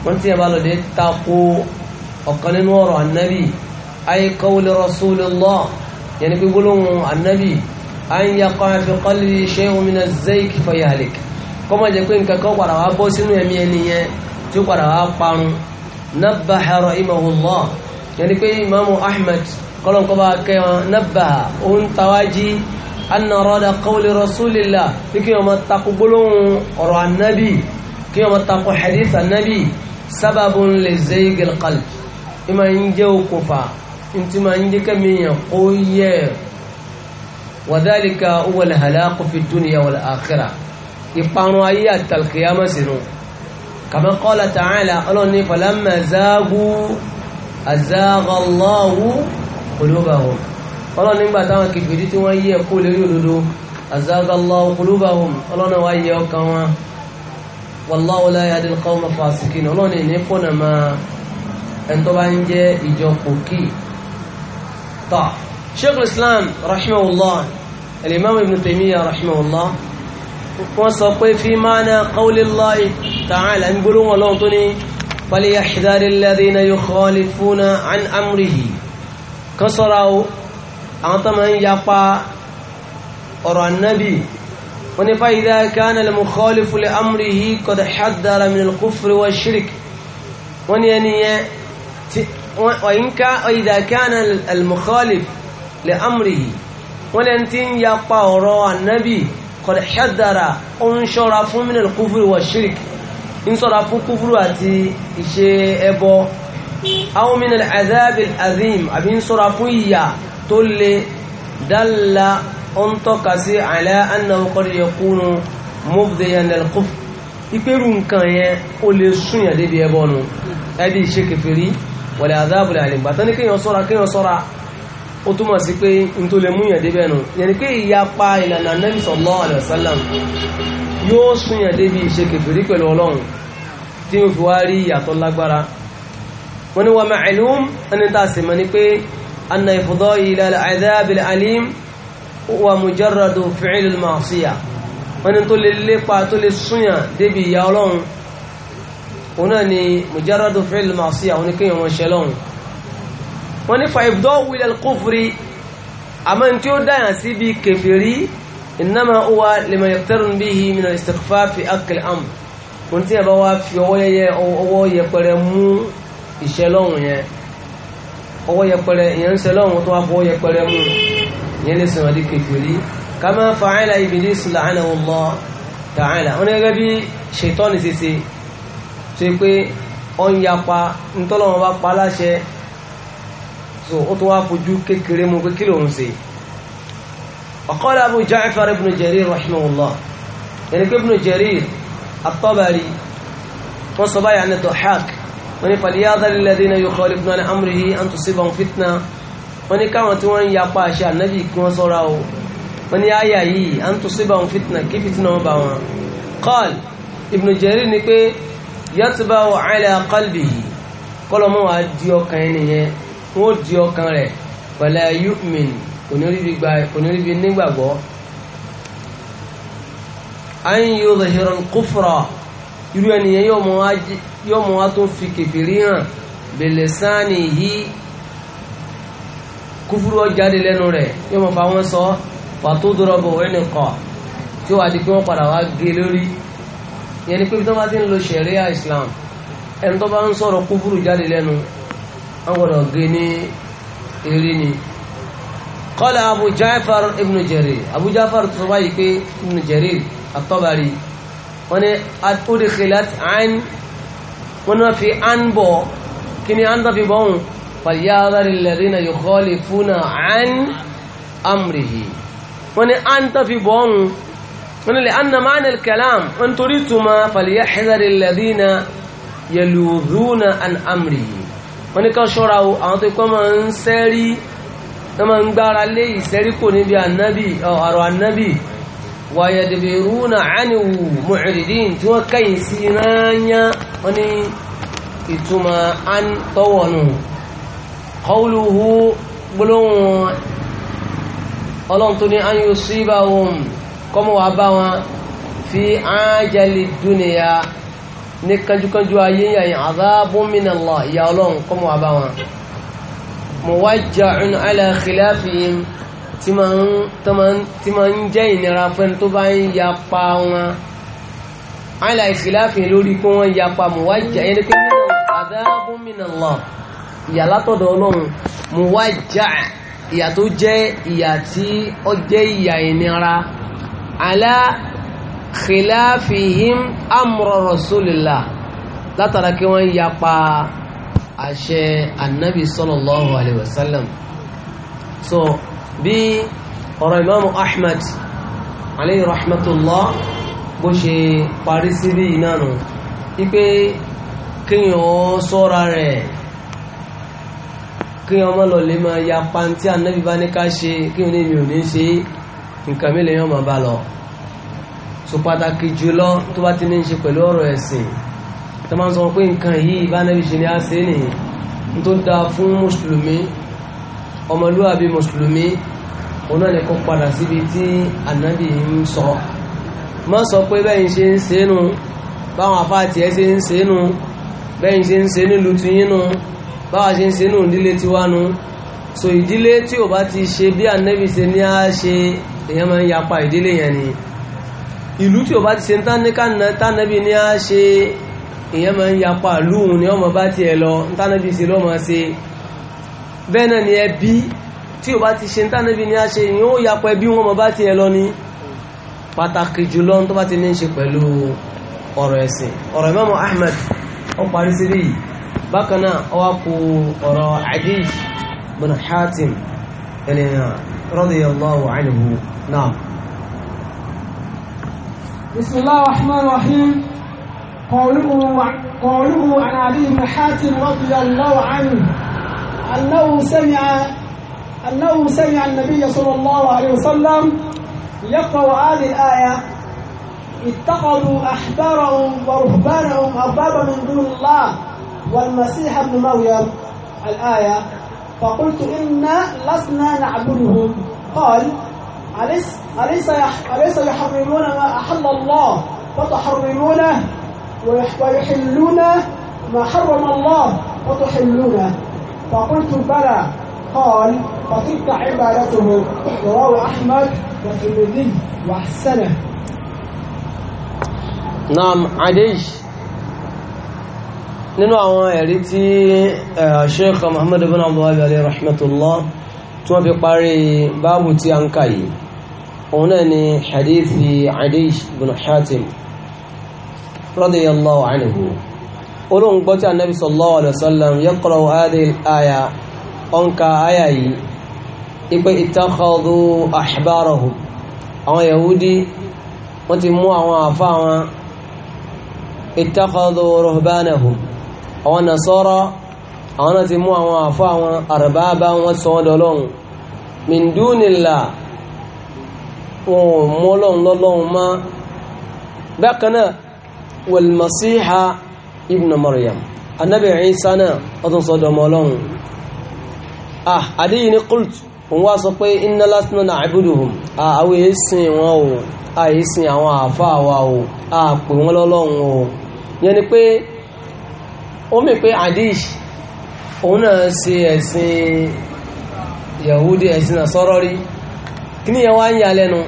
wọ́n tí ẹ bá lọ dé tako ọ̀kan nínú ọ̀rọ̀ annabi ay qawli rasulillah yẹni pé gbólóhùn annabi an yaqa fi qalbi shay'un min az-zayk fayahlik kọ́mọ jẹ́ pé nǹkan kan padà wá bọ́ sínú ẹ̀mí ẹni yẹn tí ó padà wá parun nabbaha rahimahullah yẹni pé imaamu ahmed kọ́lọ́n kọ́ bá kẹ́ wọn nabbaha ó ń tawájí anna rada qawli rasulillah bí kí wọ́n ma tako gbólóhùn ọ̀rọ̀ annabi kí wọ́n ma tako hadith annabi sábàbùn lè zaygil qalbi ní ma ń jẹ́ okùnfà ní tí ma ń jẹ́ kẹ́míyàn kó yẹ wàdálìkà wal halaqu fi dunya wal akhirah ìparun ayé àtàlùkìyàmọ́ sínú kama qala ta'ala ọlọ́ni falamma zaagu azaghallahu qulubahum ọlọ́ni nígbà táwọn kìfìdí tí wọ́n yí ẹ̀kú lérí òdodo azaghallahu qulubahum ọlọ́ni wá yẹ ọkàn wọn wallahu la yahdi al-qawma fasiqin ọlọ́run ní fọ́nà máa ẹni tó bá ń jẹ́ ìjọ kòkì tọ́ sheikh islam rahimahullah al-imam ibn taymiyyah rahimahullah wọ́n sọ pé fi ma'na qawlillahi ta'ala ń gbólóhùn ọlọ́run tó ní falyahdhari alladhina yukhalifuna an amrihi kan sọ́ra o àwọn tó máa ń yapa ọ̀rọ̀ annabi wọ́n fa idha kana al-mukhalifu li amrihi qad haddara min al-kufri wa shirk wọ́n ni ẹni yẹn wa idha kana al-mukhalif li amrihi wọ́n lẹ́n tí ń ya pa ọ̀rọ̀ annabi qad haddara ó ṣọ́ra fún min al-kufri wa shirk ń ṣọ́ra fún kúfúrú àti ìṣe ẹbọ aw min al-adhab àbí ń ṣọ́ra fún ìyà tó le dalla ń tọ́ka sí àlá annahu qad yakunu mubdiyan al-kufr ìpérù nǹkan yẹn ó lè súnyàn débi ẹbọ nu ẹbí ìṣe kẹfìrí wal adhabul alim bàtán ní kéèyàn sọ́ra kéèyàn sọ́ra ó túmọ̀ sí pé n tó lè múyàn débẹ̀ nu yẹn ni pé ìyapa ìlànà Nabi sallallahu alaihi wasallam yóò súnyàn débi ìṣe kẹfìrí pẹ̀lú ọlọ́run tí ó fi wá rí ìyàtọ̀ lágbára wọ́n ni wa ma'lum ẹni tá a sì mọ̀ ni pé anna ìfọ̀dọ́ ila al-adhabil wa mujarradu fi'lil ma'siyah wọ́n ní tó lè lépa tó lè súnyàn débi ìyá ọlọ́run òun náà ni mujarradu fi'lil ma'siyah àwọn oníkéyàn wọn ṣe lọ́run wọ́n ní fa ibda'u ilal kufri àmọ́ ní tí ó dáyàn sí bí kèfèrí innama huwa liman yaqtarun bihi minal istikhfafi akil am wọ́n tí yẹn bá wá fi ọwọ́ yẹpẹrẹ mú ìṣẹ́lọ́run yẹn ọwọ́ yẹpẹrẹ ìyẹn ń ṣe lọ́wọ́ tó wá fọwọ́ yẹpẹrẹ mú ìyẹn lè sọ̀rọ̀ di kèfèrí kama fa'ala iblis la'anahu Allah ta'ala wọn gẹ́gẹ́ bí ṣètọ́ni ṣe ṣe tó yẹ pé ọ̀n yapa ntọ́lọ́wọ́n bá pa láṣẹ so ó tó wá fojú kékeré mu pé kí lòun ṣe ọ̀kọ́lá Abu Ja'far ibn Jarir rahimahullah yẹn ni pé ibn Jarir at-Tabari sọ báyà ní Dahhak wọ́n ní فليحذر الذين يخالفون عن أمره أن تصيبهم فتنة wọ́n ní káwọn tí wọ́n ń yapa àṣẹ ànábì kí wọ́n sọ́ra o wọ́n ní àyà yìí أن تصيبهم فتنة kí fìtínà wọn bá wọn. قال ابن جرير ni pé يتبع على قلبه kọ́lọ́mọ́ wa di ọkàn ẹni yẹn wọ́n di ọkàn rẹ̀ wala yu'min oníríbi nígbàgbọ́. أن يظهر الكفر irú ẹnìyẹn yóò mọ wá tó fi kèfèrí hàn bèlè sáàni yìí kúfúrú ọjáde lẹ́nu rẹ̀ yóò mọ fa wọn sọ pàtó dọrọbọ ẹnì kọ tí wàá di pé wọn padà wá gé lórí yẹn ni pé tó bá ti ń lo ṣẹ̀ríà Islam ẹni tó bá ń sọ̀rọ̀ kúfúrú jáde lẹ́nu wọn gbọ́dọ̀ gé ní eré ni. قال أبو جعفر ابن جرير أبو جعفر تصبح ابن جرير الطبري wọ́n ní adúdíkìlát àn wọ́n náà fi àn bọ̀ kí ni àn tàbí bọ́hùn fàyàdárí lẹ́rìnà yòkọ́lì fúnà àn amrihi wọ́n ní àn tàbí bọ́hùn wọ́n ní lè àn na máa nílẹ̀ kẹlám wọ́n torí tuma fàyàdárí lẹ́rìnà yẹlùdúnà àn amrihi wọ́n ní ká ṣọ́ra o àwọn tó kọ́ máa ń sẹ́rí wọ́n máa ń gbára lé ìsẹ́rí kò níbi ànábì ọ̀rọ̀ ànábì wàyẹ̀dẹ̀bẹ̀rúnà ánìwò mọ̀rìdín tí wọ́n kẹ́yìn sí rányá wọ́n ní ìtumọ̀ án tọ́wọ̀nù kọlùhù gbólóhùn ọlọ́ntúní án yóò sí bá wọn kọmọ wà bá wọn fi ájẹ́lì dúnìyà ní kanjúkanjú ayé yàyìn àzábùn mìnàlá ìyà ọlọ́run kọmọ wà bá wọn mọ̀wájà ala khilafihim tí ma ń tí ma ń jẹ́ ìnira fẹ́ni tó bá ń yapa wọn àìlà ìfìláfì lórí kó wọ́n yapa mùwájà yẹn ni pé nínú adabun minallah ìyà látọ̀dọ̀ ọlọ́run mùwájà ìyà tó jẹ́ ìyà tí ó jẹ́ ìyà ìnira àlá khilafihim amra rasulillah látara kí wọ́n yapa àṣẹ annabi sallallahu alaihi wasallam so bí ọ̀rọ̀ imamu ahmed alayhi rahmatullah bó ṣe parí sí bí iná nù wípé kíyàn sọ́ra rẹ̀ kíyàn má lọ lè máa ya pantí ànábì bá ní ká ṣe kíyàn ní mi ò ní ṣe nǹkan mi lèyàn máa bá lọ so pàtàkì jùlọ tó bá ti ní ṣe pẹ̀lú ọ̀rọ̀ ẹ̀sìn tó máa ń sọ pé nǹkan yìí bá náà ṣe ní á ṣe nìyí tó dáa fún mùsùlùmí ọmọlúwàbí mùsùlùmí òun náà ni kó padà síbi tí ànábì ń sọ má sọ pé bẹ́yìn ṣe ń ṣe nu báwọn afáàtì ẹ ṣe ń ṣe bẹ́yìn ṣe ń ṣe nílùú tuyín nu báwa ṣe ń ṣe ìdílé tiwa so ìdílé tí ò bá ti ṣe bí ànábì ṣe ní á ṣe èèyàn máa ń yapa ìdílé yẹn ni ìlú tí ò bá ti ṣe tánàbí ní á ṣe èèyàn máa ń yapa lóhun ni ọmọ bá tiẹ̀ lọ tánàbí ṣe lọ́mọ bẹ́ẹ̀ náà ni ẹbí tí o bá ti ṣe ń tánà bí ní a ṣe yìí ó yapọ̀ ẹbí wọn mọ̀ bá ti ẹ lọ ní pàtàkì jùlọ tó bá ti ní ṣe pẹ̀lú ọ̀rọ̀ ẹ̀sìn ọ̀rọ̀ Imam Ahmad ó parí sí rí bákan ó wá kó ọ̀rọ̀ Adi bin Hatim ẹni radiyallahu anhu náà. bisimilahi rahman rahim qawluhu qawluhu an Adi bin أنه سمع أنه سمع النبي صلى الله عليه وسلم يقرأ هذه الآية اتخذوا أحبارهم ورهبانهم أربابا من دون الله والمسيح ابن مريم الآية فقلت إنا لسنا نعبدهم قال أليس أليس أليس يحرمون ما أحل الله وتحرمونه ويحلون ما حرم الله وتحلونه فقلت بلى قال فصدق عبادته رواه أحمد والترمذي وأحسنه نعم عديش nínú àwọn ẹ̀rí tí Sheikh Muhammad ibn Abdul alayhi rahmatullah tí wọ́n fi parí báàbù tí a ń kà yìí òun náà ni hadithi Adiy ibn Hatim radiyallahu anhu olóhùn gbọ́ tí anabi sallallahu alayhi wa sallam yaqra'u hadhihi al-aya ọ̀nkà àyà yìí ipe ittakhadhu ahbarahum àwọn yahudi wọ́n ti mú àwọn àfa wọn ittakhadhu ruhbanahum àwọn nasara àwọn náà ti mú àwọn àfa wọn arbaba wọn ibn maryam anabi isa náà ọdún sọ́dọ̀ ọmọ ọlọ́run ah adéyìn ni kult òun wá sọ pé inna lásìmọ̀ náà àbúdùhùn àwọn èsìn wọn o ah, sin àwọn afọ awa o àpè ah, wọn lọ́lọ́run o yẹn ni pé ó mì pé adish òun náà ṣe ẹ̀sìn yahudi ẹ̀sìn nasọ́rọ́ rí kí ni yẹn wá ń na lẹ́nu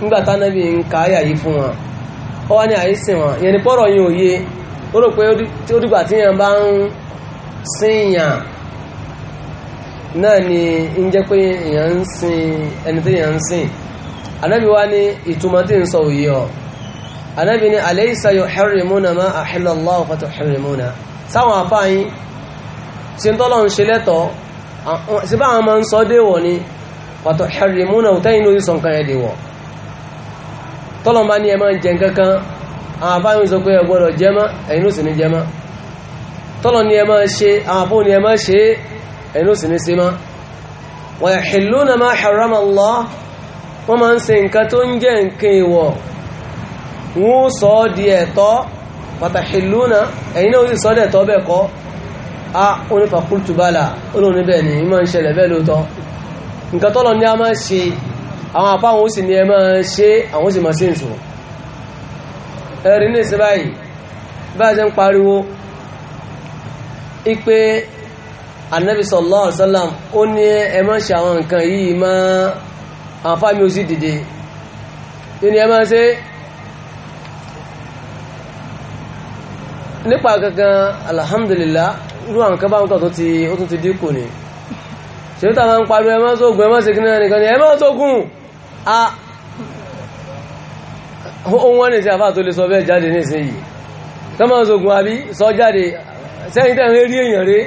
nígbà tánábì ń ka àyà yìí fún wọn ó wá ní wọn yẹn ó rò pé ó dìgbà tí èèyàn bá ń sínyàn náà ni ń jẹ́ pé èèyàn ń sin ẹni tí èèyàn ń sìn anábi wá ní ìtumọ̀ tí ń sọ òye ọ̀ anábi ní alaysa yuharrimuna ma ahalla Allahu fatuharrimuna sáwọn afáyín ṣe ń tọ́lọ́ ń ṣe lẹ́tọ̀ọ́ sí bá àwọn máa ń sọ déwọ̀ ni fatuharrimuna òtẹ́yìn lórí sọ nǹkan ẹ̀ déwọ̀ tọ́lọ́ bá ní ẹ máa ń jẹ nǹkan àwọn àbáyé sọ pé ẹgbọ́dọ̀ jẹmọ́ ẹ̀yin ló sì ní jẹmọ́ tọ́lọ ni ẹ máa ṣe àwọn àbó ni ẹ máa ṣe ẹ̀yin ló sì ní ṣe mọ́ wa yahilluna ma harrama Allah wọ́n máa ń ṣe nǹkan tó ń jẹ́ nǹkan ìwọ̀ wọ́n sọ di ẹ̀tọ́ fatahilluna ẹ̀yin náà ó sì sọ di ẹ̀tọ́ bẹ́ẹ̀ kọ́ a onífàkúrútù bala olóòní bẹ́ẹ̀ ni ìmọ̀ ń ṣẹlẹ̀ bẹ́ẹ̀ lóòótọ́ nǹkan tọ́lọ ni a máa ṣe àwọn àpá àwọn ó sì ní ẹ máa ṣe àwọn ó sì máa ṣe ń ẹ̀rí ní ìsìn báyìí bá a ṣe ń pariwo ipe anabi sallallahu alaihi wasallam ó ní ẹ má ṣe àwọn nǹkan yìí má àǹfààní ó sì dìde ó ní ẹ má ṣe nípa gangan alhamdulillah irú àwọn kan bá ń tọ̀ tó ti ó tún ti dínkù ni ṣe ń tàbí ń pariwo ẹ má ṣoògùn ẹ má ṣe ni ẹ má ṣoògùn ah ohun wọ́n ní sí àfáà tó lè sọ bẹ́ẹ̀ jáde ní ìsìn yìí tọ́mọ̀ ọ̀sọ̀gùn àbí sọ jáde sẹ́yìn tẹ́ ń rí èèyàn rí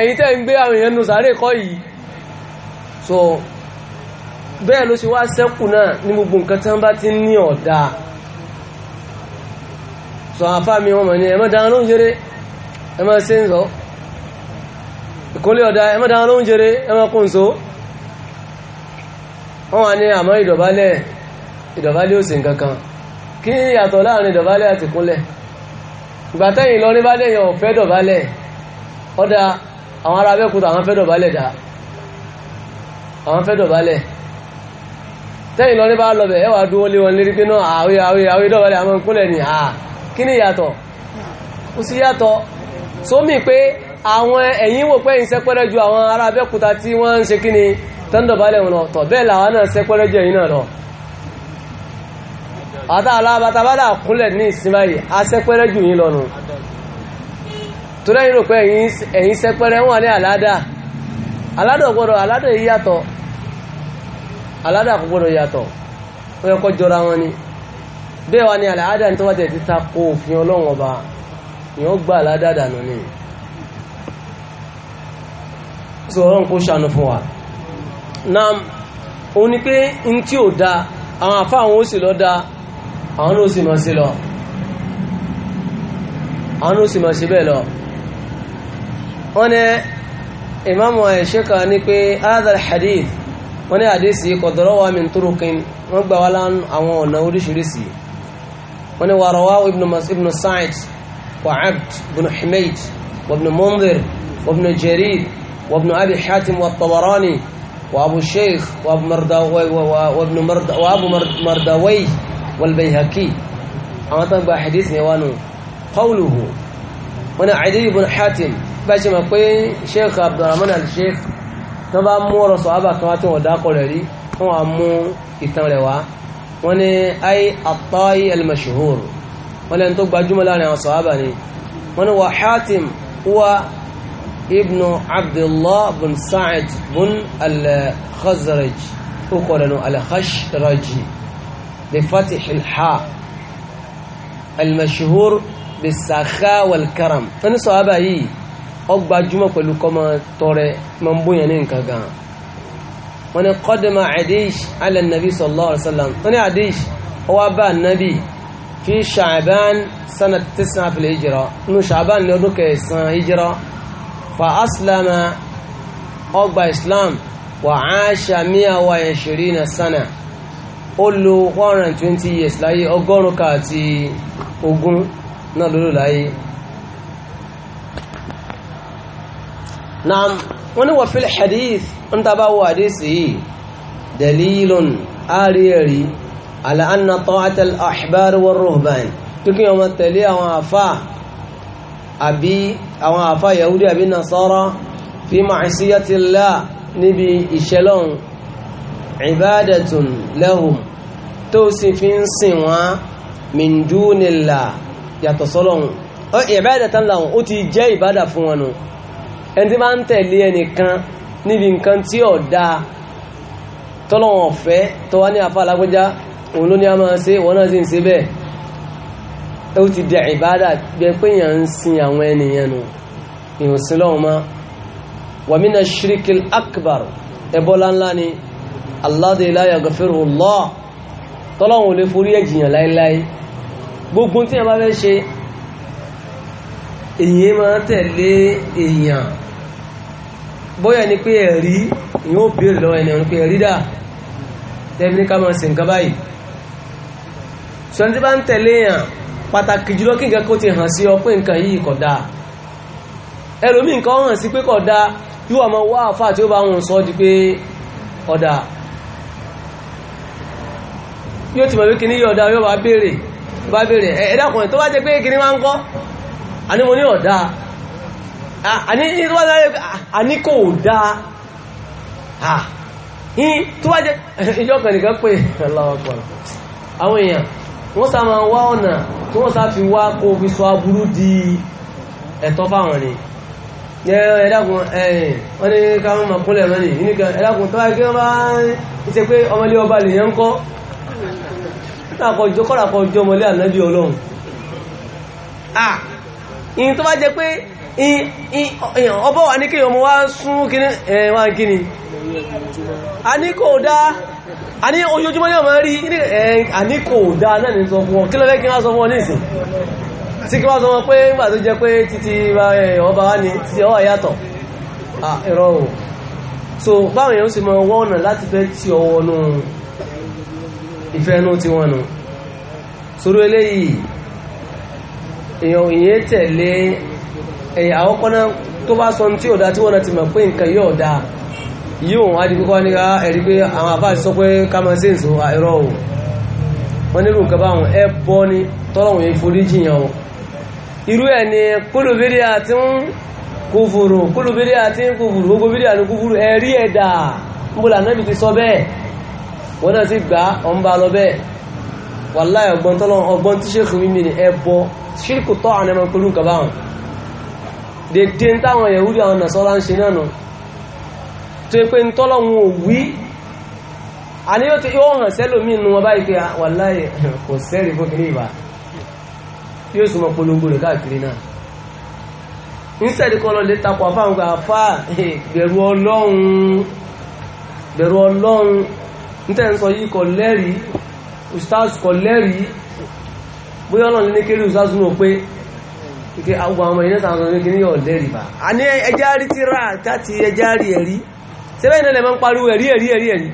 ẹ̀yìn tẹ́ ń gbé àwọn èèyàn nù sáré kọ́ yìí so bẹ́ẹ̀ ló ṣe wá sẹ́kù náà ní gbogbo nǹkan tí wọ́n bá ti ní ọ̀dà sọ àfáà mi wọ́n mọ̀ ní ẹ̀mọ́ dáná ló ń jẹrẹ ẹ̀mọ́ sí ń sọ ìkólé ọ̀dà ẹ̀mọ́ dáná ló ń jẹrẹ ẹ̀mọ́ kò ń so wọ́n wá ní àmọ́ ìdọ̀bálẹ̀ ìdọ̀bálẹ̀ òsì nkankan kí yàtọ̀ láàrin ìdọ̀bálẹ̀ àti kúnlẹ̀ ìgbà tẹ́yìn lọ níbálẹ̀ yẹn ò fẹ́ dọ̀bálẹ̀ ọ̀dà àwọn ará Abẹ́òkúta àwọn fẹ́ dọ̀bálẹ̀ dà àwọn fẹ́ dọ̀bálẹ̀ tẹ́yìn lọ níbá lọ bẹ̀ ẹwà dúró lé wọn lérí pé náà àwé àwé àwé dọ̀bálẹ̀ àwọn kúnlẹ̀ ni à kí ni yàtọ̀ ó sì yàtọ̀ sómi pé àwọn ẹ̀yìn wò pé ìṣẹ́pẹ́rẹ́ ju àwọn ará Abẹ́òkúta tí wọ́n ń ṣe kí ni tọ́ndọ̀bálẹ̀ wọn ọ̀tọ̀ bẹ́ẹ̀ làwọn náà sẹ́pẹ́rẹ́jẹ̀ yìí náà lọ àtà alábatabádà kúnlẹ̀ ní ìsinmi yìí a sẹ́pẹ́rẹ́ jù yín lọ́nu tó lẹ́yìn rò pé ẹ̀yìn sẹ́pẹ́rẹ́ wọn ní àládà aládà gbọ́dọ̀ aládà yìí yàtọ̀ aládà kò gbọ́dọ̀ yàtọ̀ ó yẹ kó jọra wọn ni bẹ́ẹ̀ wá ní àládà ní tó bá tẹ̀ ti ta ko òfin ọlọ́wọ́n ọba ni náà òun ni pé n tí ò da àwọn àfa àwọn ó sì lọ da àwọn náà ó sì máa ṣe lọ àwọn náà ó sì máa ṣe bẹ́ẹ̀ lọ wọ́n ní ìmáàmù àìṣẹ́kà ní pé adal hadith wọ́n ní àdísì kọ̀dọ̀rọ̀wà min turukin wọ́n gbà wá lán àwọn ọ̀nà oríṣiríṣi wọ́n ní wàrọ̀wá ibn sa'id wa abd ibn himayd wa ibn munzir wa ibn jarir wa ibn abi hatim wa tabarani وأبو الشيخ وأبو مرداوي وابن مرد وأبو مرداوي والبيهقي أما تنبع حديث نيوانو قوله من عدي بن حاتم باش ما قوي شيخ عبد الرحمن الشيخ تبع مور صحابة كما تنودا قولي هو أمو إتن لوا وني أي الطائي المشهور ولن تقبع جملة عن صحابة وني وحاتم هو ابن عبد الله بن سعد بن الخزرج أقرن الخشرج لفتح الحاء المشهور بالسخاء والكرم فني صحابة يي أقبع جمع كل كما ترى من بوينين كغان وني قدم عديش على النبي صلى الله عليه وسلم وني عديش هو أبا النبي في شعبان سنة تسعة في الهجرة نو شعبان لأدوك سنة هجرة fa aslama ọgbà islam wà áṣà míà wà ẹ̀ṣẹ̀rí na sana ó lo 120 years láyé ọgọ́rùn ká àti ogún náà lólò láyé na wọ́n ni wà fil hadith ń tàbá wà àdísì yìí dalilun àríẹ̀rí ala ta'atal ahbar war ruhban kíkí ọmọ tẹ̀lé àwọn àfáà àbí àwọn àfá yahudi àbí nasara fi ma'asiyatillah níbi ìṣẹ́lọ́un ibadatun lahum tó sì fi ń sìn wọ́n min dunillah yàtọ̀ sọ́lọ́un ibadatan lahum ó ti jẹ́ ìbádà fún wọn ẹni tí máa ń tẹ̀lé ẹnìkan níbi nǹkan tí ó dá tọ́lọ́wọ̀n ọ̀fẹ́ tó ní àfá alágbẹ́já òun ló ní a máa ṣe wọ́n náà sì ń ṣe bẹ́ẹ̀ ó ti dẹ̀ ìbádà bẹ pé èèyàn ń sin àwọn ènìyàn nù ìhùn sí lọ́wọ́ mọ́ wàmínà shirikil akbar ẹbọ́lá ńlá ni aládé láyà gọfẹ́rù lọ́ tọ́lọ́wọ́n ò lè forí ẹ̀jìyàn láíláí gbogbo tí wọ́n bá fẹ́ ṣe èyí máa tẹ̀lé èèyàn bóyá ni pé ẹ̀rí ìyẹn ó béèrè lọ́wọ́ ẹni ọ̀run ẹ̀rí dà tẹ́bí ní ká máa ṣe báyìí sọ́ni pàtàkì jùlọ kí nǹkan kó ti hàn sí ọ pé nǹkan yìí kò dáa ẹlòmí nǹkan hàn sí pé kò dáa yóò wà máa wá àfáà tí ó bá wọn sọ di pé ọ̀dà yóò ti mọ̀ pé kìíní yọ̀dá yóò bá béèrè bá béèrè ẹ̀ẹ́dàkùnrin tó bá jẹ́ pé kìíní máa ń kọ́ àní mo ní ọ̀dá àní kò dá tó bá jẹ́ ìjọ́kàn nìkan pé ọlọ́wọ́ pọ̀ àwọn èèyàn wọ́n sá ma wá ọ̀nà tí wọ́n sá fi wá kó fi sọ aburu di ẹ̀tọ́ fáwọn ni ẹ̀dàkùn ẹ̀yìn wọ́n ní káwọn máa kúnlẹ̀ ni nígbà ẹ̀dàkùn tó wáyé kí wọ́n bá ń ṣe pé ọmọlé ọba lè ń kọ́ a ní kò a ní ojoojúmọ́ ní ọmọ rí ní àní kò dáa náà ní sọ fún ọ kí kí wá sọ fún ọ ní ìsìn tí kí wá sọ fún pé nígbà tó jẹ pé títí ọba wá ní títí ọwà yàtọ̀ ẹ̀rọ o so báwọn èèyàn sì mọ ọwọ́ ọ̀nà láti fẹ́ tí ọwọ́ nù eléyìí èèyàn tẹ̀lé ẹ̀yà náà tó bá sọ tí yíò wọ́n di kíkọ́ nígbà ah, ẹ̀rí pé àwọn àbá sọ pé kamazin sọ àìrọ̀ o wọ́n nílò kaba àwọn ẹ bọ́ ni tọ́lọ̀wọ̀n yìí forí jìyàn o irú ẹ̀ ni kólùbírí àti ń kúfùrù kólùbírí àti ń kúfùrù gbogbo bírí àti kúfùrù ẹ̀rí ẹ̀dà ń bọ́lá náà ti sọ bẹ́ẹ̀ wọ́n náà ti gbà ọ̀n bá lọ bẹ́ẹ̀ wàláì ọgbọ́n tọ́lọ̀ ọgbọ́n tí sèkù mímì ni ẹ bọ́ sírkù tọ́ àwọn ẹ̀mọ́ pẹ̀lú àwọn dèdè tó yẹ pé ń o ò wí àní yóò ti yóò hàn sẹ́lòmí inú wọn báyìí pé ah, wàláhì kò sẹ́rì fún kìíní ìbá yóò sì polongo rẹ̀ káàkiri náà nísẹ̀dí kan lọ́lẹ́ takò àfáàǹgbà àfá eh, bẹ̀rù ọlọ́run bẹ̀rù ọlọ́run nítẹ̀ ń sọ yìí kọ lẹ́rìí ustaz kọ lẹ́rìí bóyá ọlọ́run ní kéré ustaz pé àwọn ọmọ bá ẹ̀rí sẹ́bẹ̀ ìnà lẹ́mọ́ ń pariwo ẹ̀rí ẹ̀rí ẹ̀rí ẹ̀rí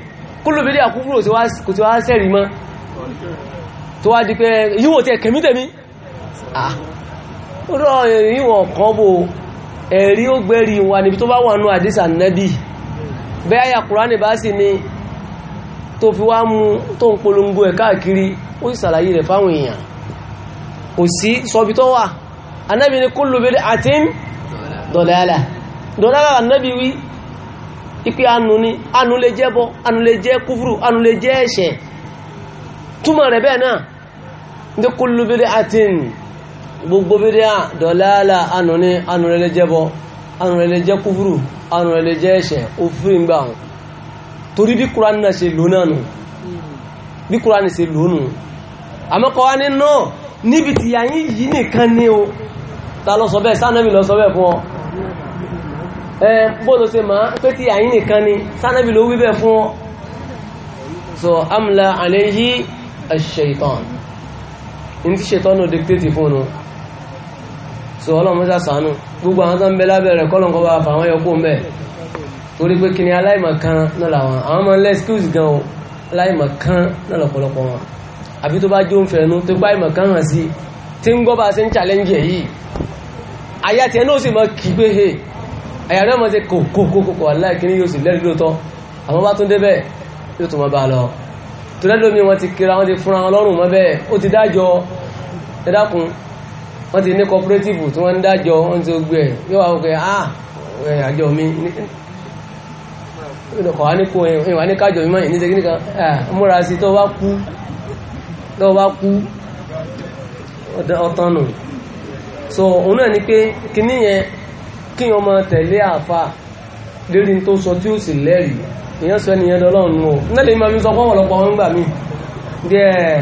kúlù bídí àkúfúrò kò tí wá sẹ́rì mọ́ tó wá di pé yíwò tí ẹ̀kẹ̀mí tẹ̀mí rọ ìwọ̀n kan bò ẹ̀rí ó gbẹ̀rí wà níbi tó bá wà nú àdísà nẹ́bí bẹ́ẹ̀ àyà kùránì bá sì ni tó fi wá mú tó ń polongo ẹ̀ káàkiri ó sì sàlàyé rẹ̀ fáwọn èèyàn kò sí sọbi tó wà anábì ni kúlù bídí àti dọ̀lẹ́lẹ̀ dọ̀lẹ́lẹ̀ anábì wí ipe anu ni anu lè jẹ́ bọ́ anu lè jẹ́ kúfúrú anu lè jẹ́ ẹ̀ṣẹ̀ túmọ̀ rẹ̀ bẹ́ẹ̀ náà ní kullu bid'atin gbogbo bid'a dalala anu ni anu lè jẹ́ bọ́ anu lè jẹ́ kúfúrú anu lè jẹ́ ẹ̀ṣẹ̀ òfin gbà torí bí Kùránì náà ṣe lò náà nù bí Kùránì ṣe lò nù àmọ́kọ̀ wá ní náà níbi tìyà yìí nìkan ní o ta lọ sọ bẹ́ẹ̀ sáà mi lọ sọ bẹ́ẹ̀ fún ọ bóòlù ṣe máa pé tí àyín nìkan ni sánàbí ló wíbẹ̀ fún ọ so amla àléyí aṣ-ṣaitan ní tí ṣaitan náà dìktétì fún un so ọlọ́mọdé sànú gbogbo àwọn tó ń bẹ lábẹ́rẹ̀ kọ́lọ̀kọ́ bá fà wọ́n yọkó mẹ́ torí pé kí ni aláìmọ̀kan náà làwọn àwọn o aláìmọ̀kan náà lọ́pọ̀lọpọ̀ wọn àbí tó bá jó ń fẹ̀ẹ́nu tó gbá ìmọ̀kan hàn sí tí ń gbọ́ bá ṣe challenge yìí àyà tiẹ̀ náà sì mọ̀ kí pé hey àyà rẹ̀ mọ́ sí kòkòkòkò aláìkíní yóò sì lẹ́rìí lóòótọ́ àmọ́ bá tún débẹ̀ yóò tún mọ́ bá lọ wọn ti kíra wọn ti fúnra wọn mọbẹ. mọ́ bẹ́ẹ̀ ó ti dájọ́ wọ́n ti ní cooperative tí wọ́n ń dájọ́ wọ́n ti gbé ẹ̀ yóò wá ah, mi ní so òun náà ni pé kí wọ́n máa tẹ̀lé àfà lérí tó sọ tí ó sì lẹ́rìí èèyàn sọ ẹnìyàn lọ́lọ́run nù ọ nílẹ̀ ìmọ̀ mi sọ fún ọ̀pọ̀lọpọ̀ wọn gbà mí díẹ̀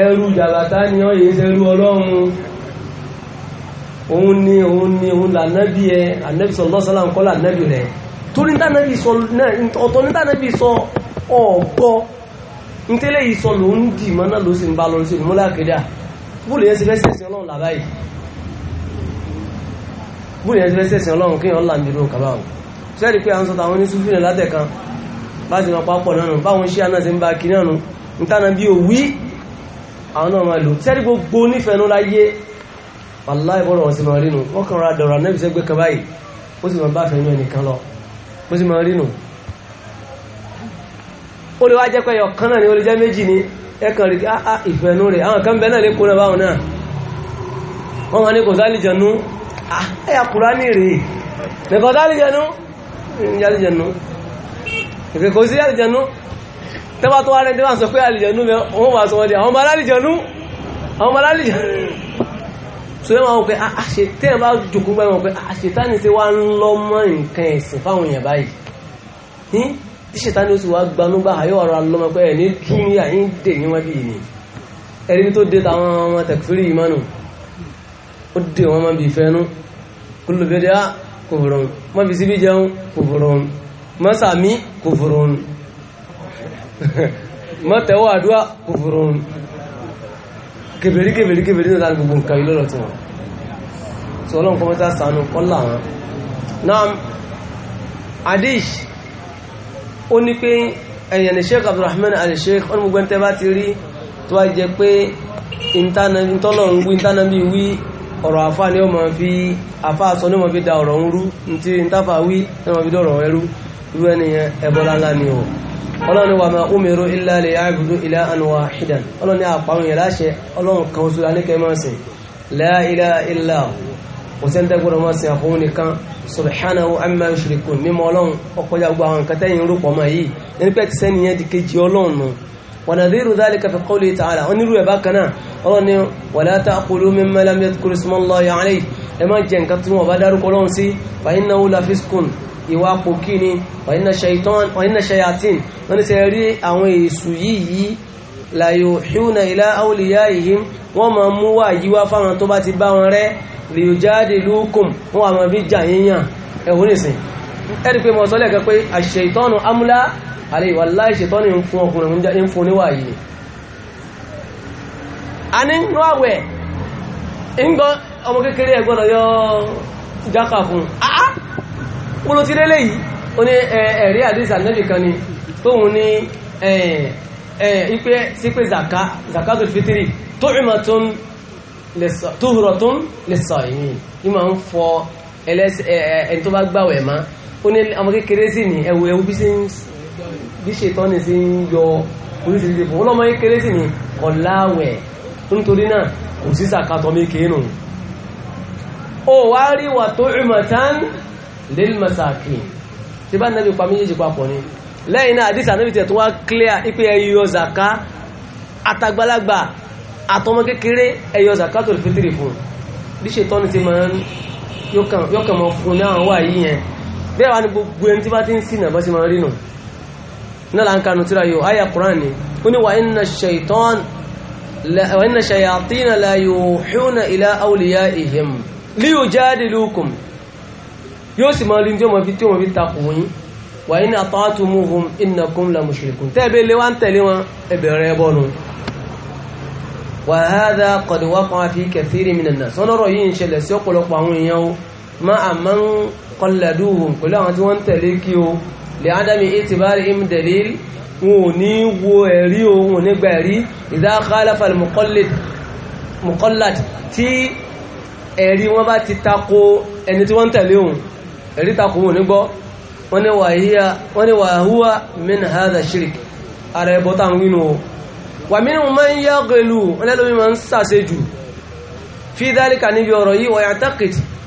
ẹrú jàbàtà ni ọ yìí ṣerú ọlọ́run òun ni òun ni òun lànàbí ẹ ànàbí sọ lọ́sọ̀lá ń kọ́ lànàbí rẹ̀ torí tánàbí sọ ọ̀tọ̀ ní tánàbí sọ ọ̀gbọ́ nítẹ́lẹ̀ yìí sọ lòun dì mọ́ná ló sì ń bá lọ sí ìmúlẹ̀ àkẹ́dà bóòlù yẹn ti fẹ́ sẹ̀sẹ̀ ọlọ́run làbáyìí búrẹ̀ ẹgbẹ́sẹ̀ sí ọlọ́run kí wọ́n là ń bèrè òun kàbáwọn sẹ́ẹ̀rì pé à ń sọ tàwọn ní súfì náà látẹ̀kan bá ti máa papọ̀ náà nù báwọn iṣẹ́ náà ti ń bá kí náà nù nítànà bí òwí àwọn náà máa lò sẹ́ẹ̀rì gbogbo nífẹ̀ẹ́ nú wọ́n ra dọ̀rọ̀ anẹ́bí sẹ́gbẹ́ kan báyìí ó sì máa bá fẹ́ nú ẹnìkan lọ ó ni ó lè ni ẹ kàn rí ah, ah, ìfẹ́ nú rẹ̀ àwọn kan bẹ́ẹ̀ náà lè kó náà báwọn wọ́n ní kò sálì jẹ̀nu àyà ah, kùránì rèé nìkan tá àlìjẹnu àlìjẹnu ìkẹ́ kò sí àlìjẹnu tẹ́bà tó wá rẹ̀ tẹ́bà sọ pé àlìjẹnu mẹ́ wọ́n wà sọ wọ́n di àwọn ọmọ alálìjẹnu àwọn ọmọ alálìjẹnu so yẹ́ wọn pé àṣetẹ́ ah, ah, bá jùkú gbá wọn pé àṣetáni tí wá ń lọ mọ́ nǹkan ẹ̀sìn fáwọn èèyàn báyìí tí ṣètáni ó sì wá gbanúgbà ayọ́ ọ̀rọ̀ alọ́mọ pé ẹ̀ ní túnmí àyíǹdè ní wọ́n yìí ni ẹ̀rí tó dé táwọn ọmọ tẹ̀kùfírí yìí mọ́nù ó dé wọn má bí fẹ́nu kúlùbẹ́dẹ́ á kòfòrò má bí síbí jẹun kòfòrò má sàmí kòfòrò má tẹ́wọ́ àdúrà kòfòrò kèbèrí kèbèrí kèbèrí náà gbogbo nǹkan ilé lọ́tọ̀ tí ọlọ́run kọ́ mọ́sá sànú kọ́lá wọn náà adish ó ní pé sheikh abdulrahman al-sheikh ọ́n gbogbo ẹ̀ntẹ́ bá ti rí tó wá jẹ pé ìntánàbí wí ọ̀rọ̀ afa ni ó máa fi afá sọ ni ó máa fi da ọ̀rọ̀ ń rú ntí ntáfà wí ní ó máa fi dọ̀rọ̀ ẹrú irú ẹnìyẹn ẹbọ lánlá ni o ọlọ́ni wà máa umiru illa ila ilahan wahidan ọlọ́ni àpàwọn yẹn láṣẹ ọlọ́run kan oṣù lánìkẹ́ máa sìn la ilaha illa máa ونذير ذلك في قوله تعالى ونرو يباكنا ولن ولا تأكلوا مما لم يذكر اسم الله عليه لما جن كتنوا بداروا قولون سي فإنه لفسق ìwà pòkíni وإن الشيطان وإن الشياطين wọ́n ni ṣe rí àwọn èsù yìí la yuhuna ila awliyaihim wọ́n ma mú wà yíwá fáwọn tó bá ti bá wọn rẹ́ liyujadilukum wọ́n wà mọ̀ bí jà yíyàn ẹ̀wọ́n nìsìn ẹ̀rí pé mọ̀ sọ́lẹ̀ kan pé àṣìṣe ìtọ́nù amúlá àlè wallahi ìṣètọ́nù ń fún ọkùnrin ń fún níwà yìí a ní inú àwẹ̀ ìgbọ́n ọmọ kékeré ẹgbọ́dọ̀ yọ jákà fún àá kúrò ti rélé yìí ó ní ẹ̀rí àdísà nẹ́bì kan ni tóhun zaka zakatul fitri tó ìmọ̀ tó ń tóhùrọ̀ tó ń lè sọ ìyìn ìmọ̀ ń fọ ẹni tó bá gbàwẹ̀ máa ó ní ọmọ kékeré sí ni ẹwù ẹwù bí ṣe tọ́ ní sí ń yọ oríṣiríṣi fún ọlọ́mọ kékeré sí ni ọ̀láwẹ̀ nítorí náà kò sí sàkàtọ̀ mékèé nù ó wá rí wà tó ìmọ̀tán lélmasàkì tí bá nàbí pa méjèèjì papọ̀ ni lẹ́yìn náà àdísà nàbí tẹ̀ tó wá clear ipé zaka àtàgbàlagbà àtọmọ kékeré ẹyọ zaka tó lè fi tìrì fún bí ní sí wà yìí yẹn bẹ́ẹ̀ wá ní gbogbo ẹni tí bá ti ń sìnà bọ́ sí máa rí nù náà là ń kanu tíra yóò ayà Qur'an ni ó ní wa inna shaytan wa inna shayatina la yuhuna ila awliyaihim liyujadilukum yóò sì máa tí ó máa fi tí ó máa fi takò yín wa in ata'tumuhum innakum sọ́nọ́rọ̀ yìí ń ṣẹlẹ̀ sí ọ̀pọ̀lọpọ̀ àwọn èèyàn ó máa ń qalladuhum pẹ̀lú àwọn tí wọ́n ń tẹ̀lé kí o lè ádámi itibari im dalil wọn ò ní wo ẹ̀rí o wọn ò ní gba ẹ̀rí idha khalafa al-muqallad tí ẹ̀rí wọn bá ti tako ẹni tí wọ́n ń tẹ̀lé òun ẹ̀rí tako wọn ò ní gbọ́ wọ́n ni wà húwà shirk ara ẹbọ tá ń wínú o wà mínú máa ń yá gẹ̀lú wọn lẹ́lómi máa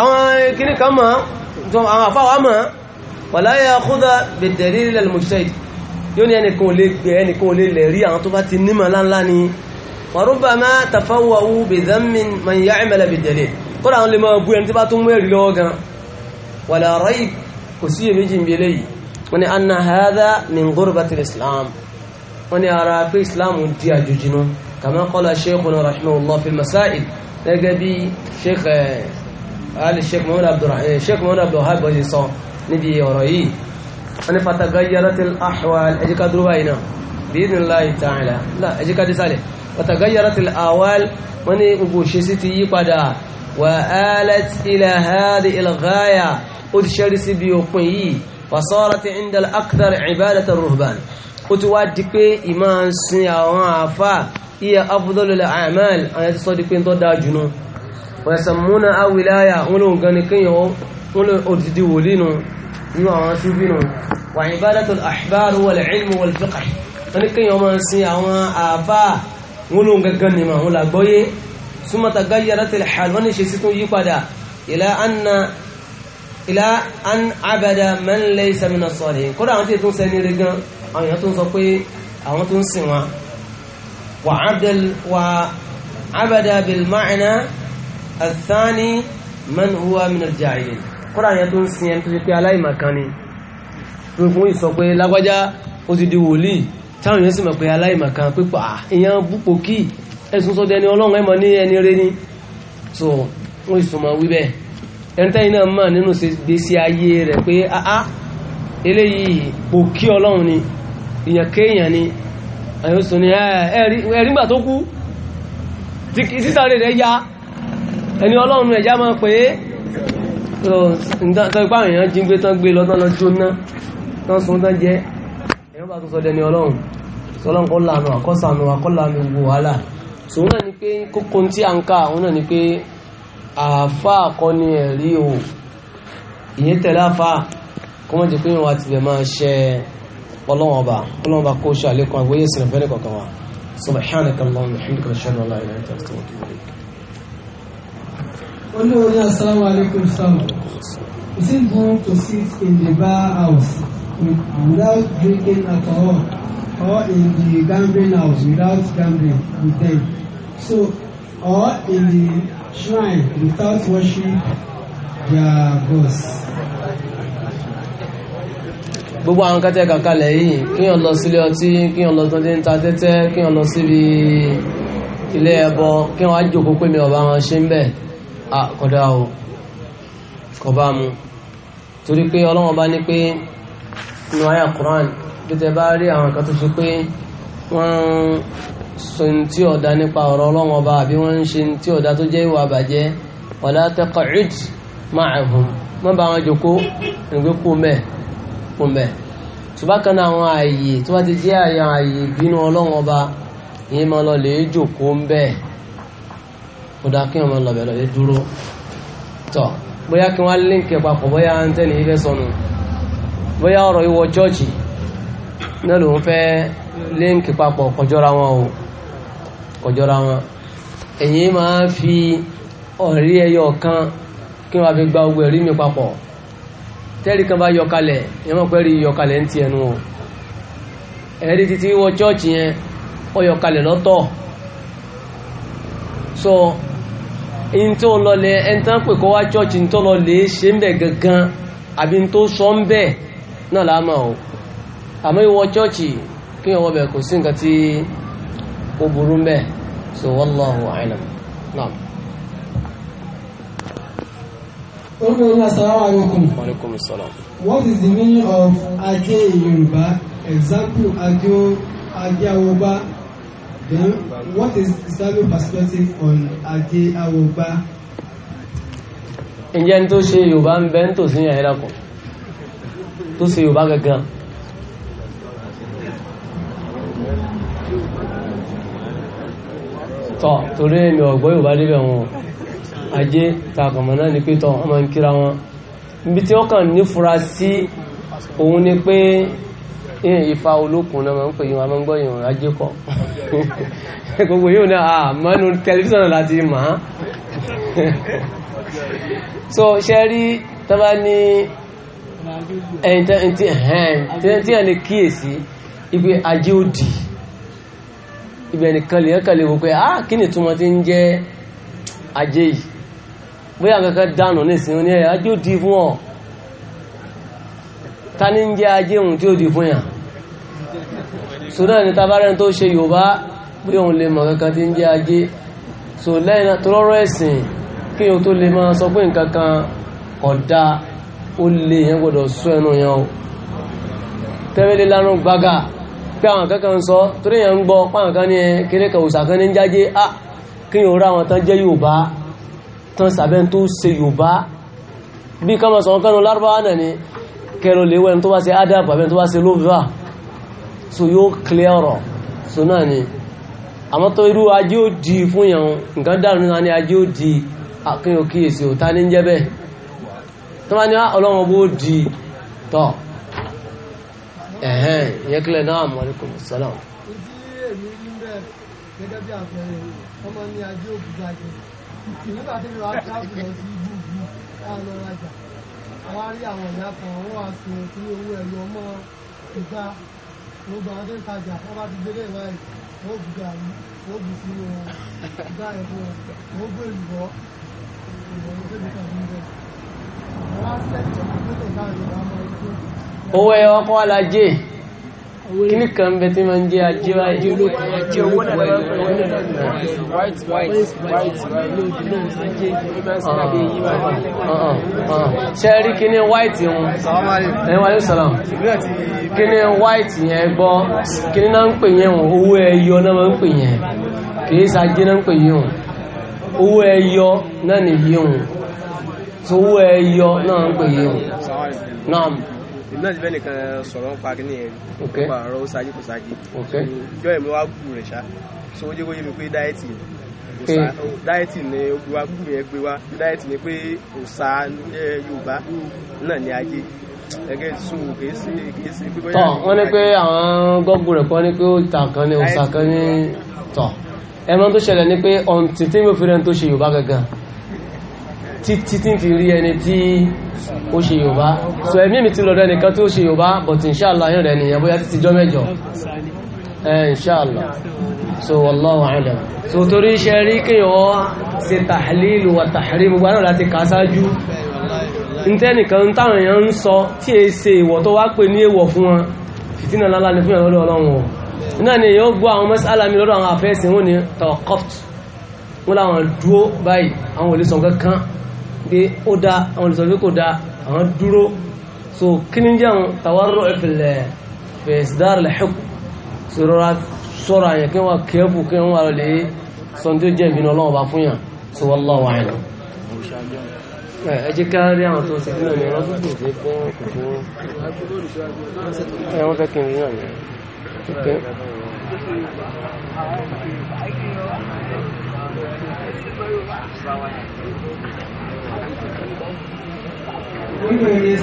àwọn kìíní kan mọ̀ tó àwọn àfáwà mọ̀ wala ya'khudha bid-dalil al-mujtahid yóò ní ẹnìkan lè gbé ẹnìkan lè lẹ̀ rí àwọn tó bá ti nímọ̀ láńlá ni wa rubbama tafawwa'u bi dhammin man ya'mal bid-dalil kọ́ra àwọn lè máa bú ẹni tí bá tún mú ẹ̀rí lọ́wọ́ gan wala rayb kò sí èméjì ìbí eléyìí wọ́n gẹ́gẹ́ bí sheikh eh, ali sheikh muhammad abdulrahman sheikh muhammad abdulwahab bọ́sẹ̀ sọ níbi ọ̀rọ̀ yìí wọ́n ní fatagayyaratil ahwal ẹ̀jẹ̀ ká dúró báyìí náà bí ní láì tààlà náà ẹ̀jẹ̀ ká dísàlẹ̀ fatagayyaratil ahwal wọ́n ní gbogbo ṣe ti yí padà wà alat ila hadi ilghaya ó ti ṣẹ́rí sí bí òpin yìí fasọ́ra inda al-akthar ruhban ó ti wá di pé ìmáa ń sin àwọn àfà iya afdalul a'mal àwọn ẹ̀tí sọ́ di pé ń tọ́ dáa jùnú wẹ̀sànmúnà àwìláyà olóhùn gan ni kíyàn òdìdí wòlínú nínú àwọn ṣúbínú wà ìbádàtul àṣìbáàrù wal ilmu wal fiqh wọ́n ní kíyàn ọmọ sí àwọn àbá olóhùn gangan ni màá lágbọ́yé súnmọ́ta gayyaratil hal abada bil ma'na àtàní mẹ́nuwa mìnàjà ilé kọ́ra yẹn tó ń sin ẹni tó ṣe pé aláìmọ̀kan ni gbogbo ìsọ pé lágbájá ó ti di wòlíì táwọn èèyàn sì mọ̀ pé aláìmọ̀kan pípa ah, èèyàn búpo kí ẹ̀sùn sọ dẹni ọlọ́run ẹ̀mọ́ ní ẹni rẹ ni so wọ́n ìsọmọ wíbẹ̀ ẹni tẹ́yìn náà mọ̀ nínú gbèsè ayé rẹ̀ pé áá ah, ah, eléyìí kò kí ọlọ́run ni èèyàn kéèyàn ni àyọ̀sọ ni ẹ̀rí nígbà tó kú sísàrè rẹ̀ ya ẹni ọlọ́run ẹ̀já máa pé tó ipá èèyàn jí gbé tán gbé lọ́tán lọ jóná tán sun tán jẹ́ èèyàn bá tún sọ dẹni ọlọ́run sọlọ́run kọ́ lànà àkọ́sànù àkọ́lànà gbogbo wàhálà sòun náà ni pé kókó tí a ń ká òun náà ni pé àáfà àkọ́ni ẹ̀rí o ìyẹn tẹ̀lé àáfà kọ́mọ́ ti pé wọn àti bẹ̀ máa ṣẹ ọlọ́wọ́n ọba ọlọ́wọ́n ọba kó ṣàlékún àgbóyè sìnrìn fẹ́lẹ́ kọ̀ọ̀kan wa subhanaka Olórí Assalamu alaikum Sama. Is it wrong to sit in the bar house without drinking at all or in the gambling house without gambling with them? So, or in the shrine without worship? their gods? gbogbo àwọn kẹtẹ kàkalẹ̀ yìí kíyàn lọ sílé ọtí kíyàn lọ tọ́jú ń ta tẹ́tẹ́ kíyàn lọ síbi ilé ẹbọ kíyàn wá jòkó pé mi ọba wọn ṣe ń bẹ̀ Ah, kọ́dá o kò bá mu torí pé ọlọ́wọ́n bá ní pé inú àyà Qur'an bí tẹ bá rí àwọn kan tó ṣe pé wọ́n ń sọ ní tí ọ̀dá nípa ọ̀rọ̀ ọlọ́wọ́n bá àbí wọ́n ń ṣe ní tí ọ̀dá tó jẹ́ ìwà àbàjẹ́ wala taq'ud ma'ahum mọ́ bá wọn jòkó nígbé kúmẹ̀ kúmẹ̀ ṣùgbọ́n náà àwọn ààyè tó bá ti jẹ́ àyè ààyè ìbínú ọlọ́wọ́n bá ìyẹn máa lọ lè jòkó ń bẹ́ẹ̀ kódà kí wọn lọ bẹ̀rẹ̀ lè dúró tọ́ bóyá kí wọ́n líǹkì papọ̀ bóyá ń tẹ́ ní sọnù bóyá ọ̀rọ̀ ìwọ chọ́ọ̀chì náà ń fẹ́ líǹkì papọ̀ kọjọ́ra wọn o kọjọ́ra wọn èyí máa fi ọ̀rí ẹyọ kan kí wọ́n gba ogun ẹ̀rí mi papọ̀ tẹ́rì kan bá yọkalẹ̀ yẹn yọkalẹ̀ ń o ẹ̀rí chọ́ọ̀chì yẹn ntó lọlẹ̀ ẹni tán pè kọ́ wá chọ́ọ̀chì ntó ṣe gangan àbí ntó sọ ń bẹ̀ náà láàmà o àmọ́ ìwọ chọ́ọ̀chì kí wọ́n bẹ̀ kò sí nǹkan tí o burú ń so naam. Assalamu What is the meaning of Ajé Yorùbá? Example Ajé Ajé Awoba Then, what is Islamic perspective on Ade Awoba? Ǹjẹ́ ní tó ṣe Yorùbá ń bẹ́ ń tò sí ẹ̀rẹ́ kan tó ṣe Yorùbá gangan. Tọ́ torí èmi ọ̀gbọ́ Yorùbá débẹ̀ wọn ajé takọ̀mọ̀ náà ni pé tọ́ ọmọ ń kíra wọn. Ibi tí wọ́n kàn nífura sí òun ni pé ìfà olókun náà máa ń pè yín wọn a máa ń gbọ́ ìrìn ajé kọ́. gbogbo yóò ní àmọ́nu ah, tẹlifíṣàn láti ma so ṣe rí tọ́bá ní ẹ̀yìn tí a kíyèsí ibi ajé òdì ibi ẹnìkan lè yẹ́kà lè ah kí ni túnmọ̀ tí ń jẹ́ ajé yìí bóyá kankan dànù nísìnyí ní ẹ̀yà ajé òdì fún ọ ta ní ń jẹ́ ajé òun tí ó di fún yàn so náà ni tabarẹ́ni tó ṣe yorùbá pé òun lè mọ̀ kankan tí ń jẹ́ ajé so lẹ́yìn tó lọ́rọ̀ ẹ̀sìn kí o tó lè máa sọ pé nǹkan kan ọ̀dá ó lè yẹn gbọ́dọ̀ sọ ẹnu yẹn o tẹ́wẹ́lẹ́ lánú gbága pé àwọn kankan ń sọ torí yẹn ń gbọ́ páwọn kan ní kéré kan òsà kan ní jájé ah kí o rá àwọn tán jẹ́ yorùbá tán sàbẹ́ tó ṣe yorùbá bí kọ́mọ̀ sọ̀rọ̀ lárúbáwá náà ni kẹrò léwẹ́ tó bá ṣe ádàbà bẹ́ẹ̀ tó bá ṣe lóbìá so yóò clear ọ̀rọ̀ so ni àmọ́ tó irú ajé di fún yẹn nǹkan dànù náà ni ajé ó di akéwò kíyèsí ò ta ní ń jẹ́ bẹ́ẹ̀ tó bá ní ah, ọlọ́wọ́ bó di tọ́ ẹ̀hẹ́n ìyẹn kílẹ̀ náà àmọ́ bí àpẹẹrẹ ọmọ ní ajé nígbà tí mi wá lọ sí ibú ìlú rí àwọn ìyá kan wá owó ọmọ ìgbà gbogbo àwọn tó ń wọn bá ti gbélé ìwà yìí wọn ò gàrí wọn ò sí wọn gbá ẹ̀fọ́ wọn ò bu èlùbọ́ ló fẹ́ẹ́ nípa ìlú bẹ́ẹ̀. owó ẹ̀yọ́ kọ́ alájẹ́. Kini kan bẹ tí máa ń jẹ́ ajé ajé olóko ajé owó náà white white white ṣe rí kíní white yẹn ẹ̀yìn wàlẹ́ sàlám kíní white yẹn Kini kíní náà ń pè yẹn owó ẹyọ náà máa ń pè yẹn kìí ṣajé náà ń pè yẹn owó ẹyọ náà nìyí òun owó ẹyọ náà ń pè yẹn náà ìmọ̀ ìfẹ́ nìkan sọ̀rọ̀ ń pa kí nìyẹn rí ó pa ọ̀rọ̀ ó ṣáájú kò ṣáájú ìjọ ẹ̀mí wa kú rẹ̀ ṣá so ó jẹ́ kó yé mi pé dáẹ́tì dáẹ́tì ni wa kú yẹn gbé wa dáẹ́tì ni pé òòṣà Yorùbá náà ni ajé gẹ́gẹ́ sùn kìí sí kìí sí pípẹ́ yàrá. tọ́ wọ́n ní pé àwọn gọ́gùn rẹ̀ kọ́ ni pé ó ta kan ní òòṣà kan ni pé ọ̀ǹtì tí ń tó ṣe Yorùbá gangan títí tí ń fi rí ẹni tí ó ṣe yorùbá so ẹ̀mí mi ti lọ́dọ̀ ẹnìkan tí ó ṣe yorùbá but inshallah yóò rẹ̀ nìyẹn bóyá títí jọ́ mẹ́jọ inshallah so wallahu alam so torí iṣẹ́ rí kéèyàn ṣe tàhálìlù wà tàhálì gbogbo náà láti kà sáájú ntẹ́nìkan táwọn èèyàn ń sọ tí è ṣe ìwọ̀ tó wá pè ní èwọ̀ fún wọn fìtínà lálá ní fún ìyàn lọ́dọ̀ dúó báyìí àwọn ò lè pé ó dá àwọn olùsọ pé kò dá àwọn dúró so kí ni jẹun tàwárọ̀ ìfìlẹ̀ fẹ̀sìdáàrì lẹ́xùk sọ̀rọ̀ sọ̀rọ̀ àyẹ̀ kí wọ́n kẹ́ẹ̀bù kí wọ́n wà lè sọ tí ó jẹ́ ìbínú ọlọ́wọ́ bá fún yàn so wallahu a'lam ẹ jẹ́ ká rí àwọn wọ́n Thank you. Ruling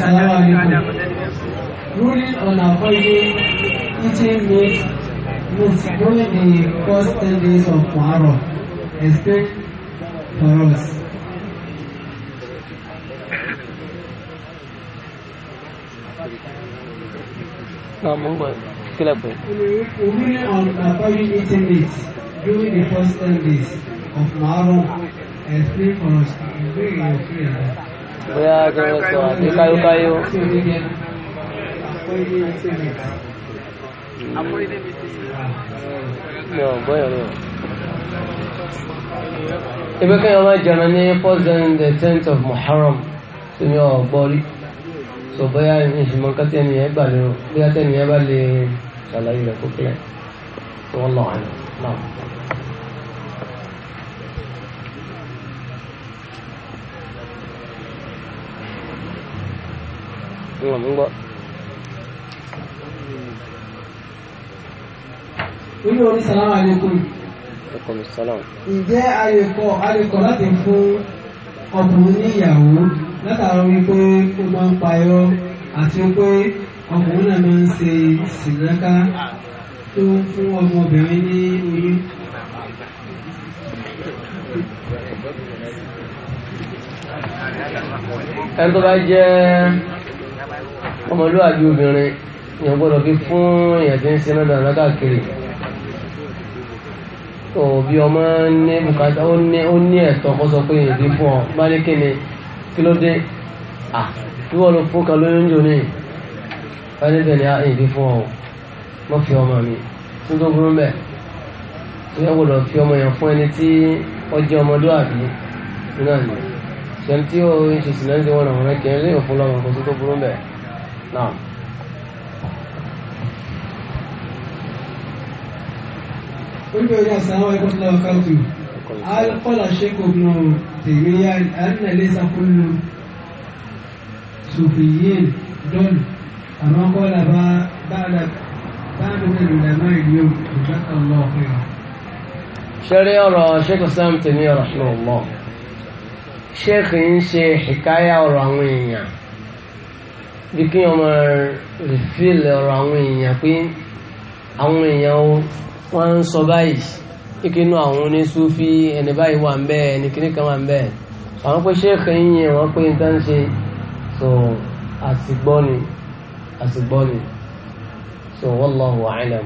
on avoiding eating meat means during the first 10 days of is good for us. Ruling on avoiding eating meat during the first 10 days of is good for us bóyá kí wọ́n sọ àti káyókáyó. Ibi kan yóò máa jẹun ní falls and the tenth of Muharram tí mi ò So rí. Sọ bóyá ìṣìmọ̀ nǹkan tí ẹnìyẹn gbà lérò bóyá tẹ́nìyẹn bá lè ṣàlàyé rẹ̀ kó kílẹ̀. Wọ́n wọn mú gbọ́. Nínú orí sàlámù àlékún. Ẹ̀kọ́ mi sàlámù. Ǹjẹ́ àyèkọ́ àyèkọ́ láti fún ọkùnrin ní ìyàwó látàrí wípé ó máa ń payọ́ àti pé ọkùnrin náà máa ń ṣe sìnáká tó ń fún ọmọbìnrin ní oyún. ẹni tó bá jẹ́ ọmọlúwàbí obìnrin èèyàn gbọ́dọ̀ fi fún èèyàn tí ń ṣe náà dáná káàkiri òbí ọmọ ní bùkátà ó ní ẹ̀tọ́ kó sọ pé èèyàn ti fún ọ bá ní kíni kí ló dé à tí wọ́n lọ fún kan lóyún jò ní bá ní bẹ̀rẹ̀ èèyàn ti fún ọ mọ́ fi ọmọ mi tó tó burú bẹ́ẹ̀ tó yẹ gbọ́dọ̀ fi ọmọ yẹn fún ẹni tí ó jẹ́ ọmọlúwàbí náà ni ṣẹ́ni tí ó ń ṣe sílẹ̀ ń ṣe wọn àwọn ẹ̀kẹ́ lé òfin lọ́wọ́ kó tó tó burú bẹ́ẹ̀. نعم ويقول السلام عليكم ورحمة الله وبركاته هل قال الشيخ ابن تيمية أن ليس كل صوفيين دول أما قال بعد بعد من العلماء اليوم جزاك الله خيرا ṣẹ́rí ọ̀rọ̀ ṣẹ́kù sáàmù tèmi ọ̀rọ̀ ṣùgbọ́n ṣẹ́kù ń ṣe ìkáyà ọ̀rọ̀ àwọn èèyàn bí kí ọmọ ọrụ ọ̀rọ̀ àwọn èèyàn pé àwọn èèyàn wọn ń sọ báyìí ìkínú àwọn oníṣúfí ẹni báyìí wà ń bẹ́ẹ̀ ẹni kìíní kan wà ń bẹ́ẹ̀ àwọn pé ṣéèkì yìnyín wọ́n pé ń ṣe so so wallahu a'lam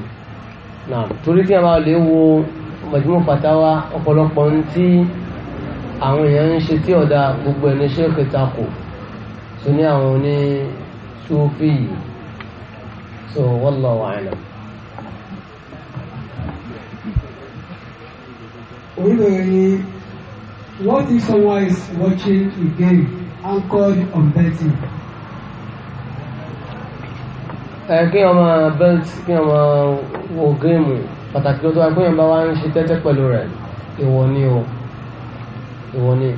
náà torí kí a máa lè wo majmu fatawa ọ̀pọ̀lọpọ̀ gbogbo ẹni ṣéèkì takò ṣúfì so wallahu a'lam. orílẹ̀ What if someone is watching a game anchored on betting? Ẹ kí ọmọ belt kí ọmọ wo géèmù pàtàkì tó wá pé ìyàmbá wa ń ṣe tẹ́tẹ́ pẹ̀lú rẹ̀ ìwọ ni o ìwọ ni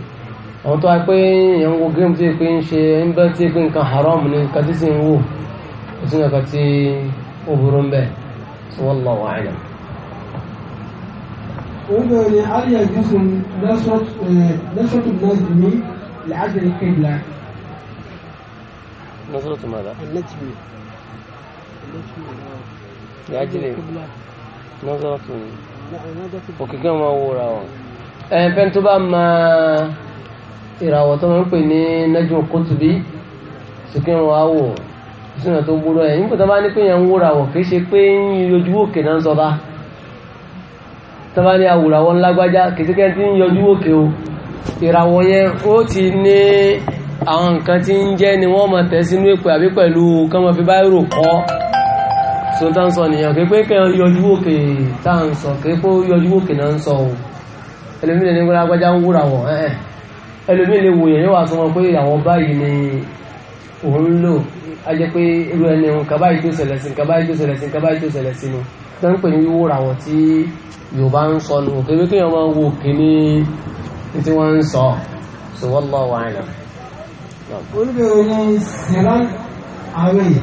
àwọn tó wá pé èèyàn wo géèmù tí pé ń ṣe ń bẹ́ tí pé nǹkan haram ní nǹkan tí sì ń wò ó sì nǹkan tí ó burú ń bẹ̀ tí wọ́n lọ wàá yàn. Oúnjẹ ni Aliya Yusuf Nasratu Najmi لعدم القبلة نظرة ماذا؟ النجم لعدم القبلة نظرة وكي كما هو راو ẹn fẹ́ tó bá máa ìràwọ̀ tó wọ́n ń pè ní nẹ́jọ́ kótóbí sókè wọn á wò sínú tó gbúdọ̀ ẹ̀ nígbà tó bá ní pé yẹn ń wó ràwọ̀ kì í ṣe pé ń yọjú òkè náà ń sọ bá tó bá ní awòràwọ̀ ńlágbájá kì í ṣe kẹ́ntì ń yọjú òkè o ìràwọ̀ yẹn ó ti ní àwọn nǹkan tí ń jẹ́ ni wọ́n mọ̀ tẹ̀ sínú èpè àbí pẹ̀lú kọ́mọ fi báyìí rò kọ́ sọ́tà ń sọ nìyàn kí pé kẹ́ yọjú òkè tá ń sọ kí pé yọjú òkè náà ń sọ o ẹlòmíràn ní ń wúra wọ̀ ẹlòmí lè wòye yóò wá sọ pé àwọn báyìí ni òun lò a jẹ́ pé irú ẹni nǹkan tó ṣẹlẹ̀ sí nǹkan tó ṣẹlẹ̀ sí nǹkan tó ṣẹlẹ̀ sí nu tó ń pè ní wíwó ràwọ̀ tí yorùbá ń sọ nù òkè wípé wọn wo òkè ní tí wọ́n ń sọ so wallahu a'lam. away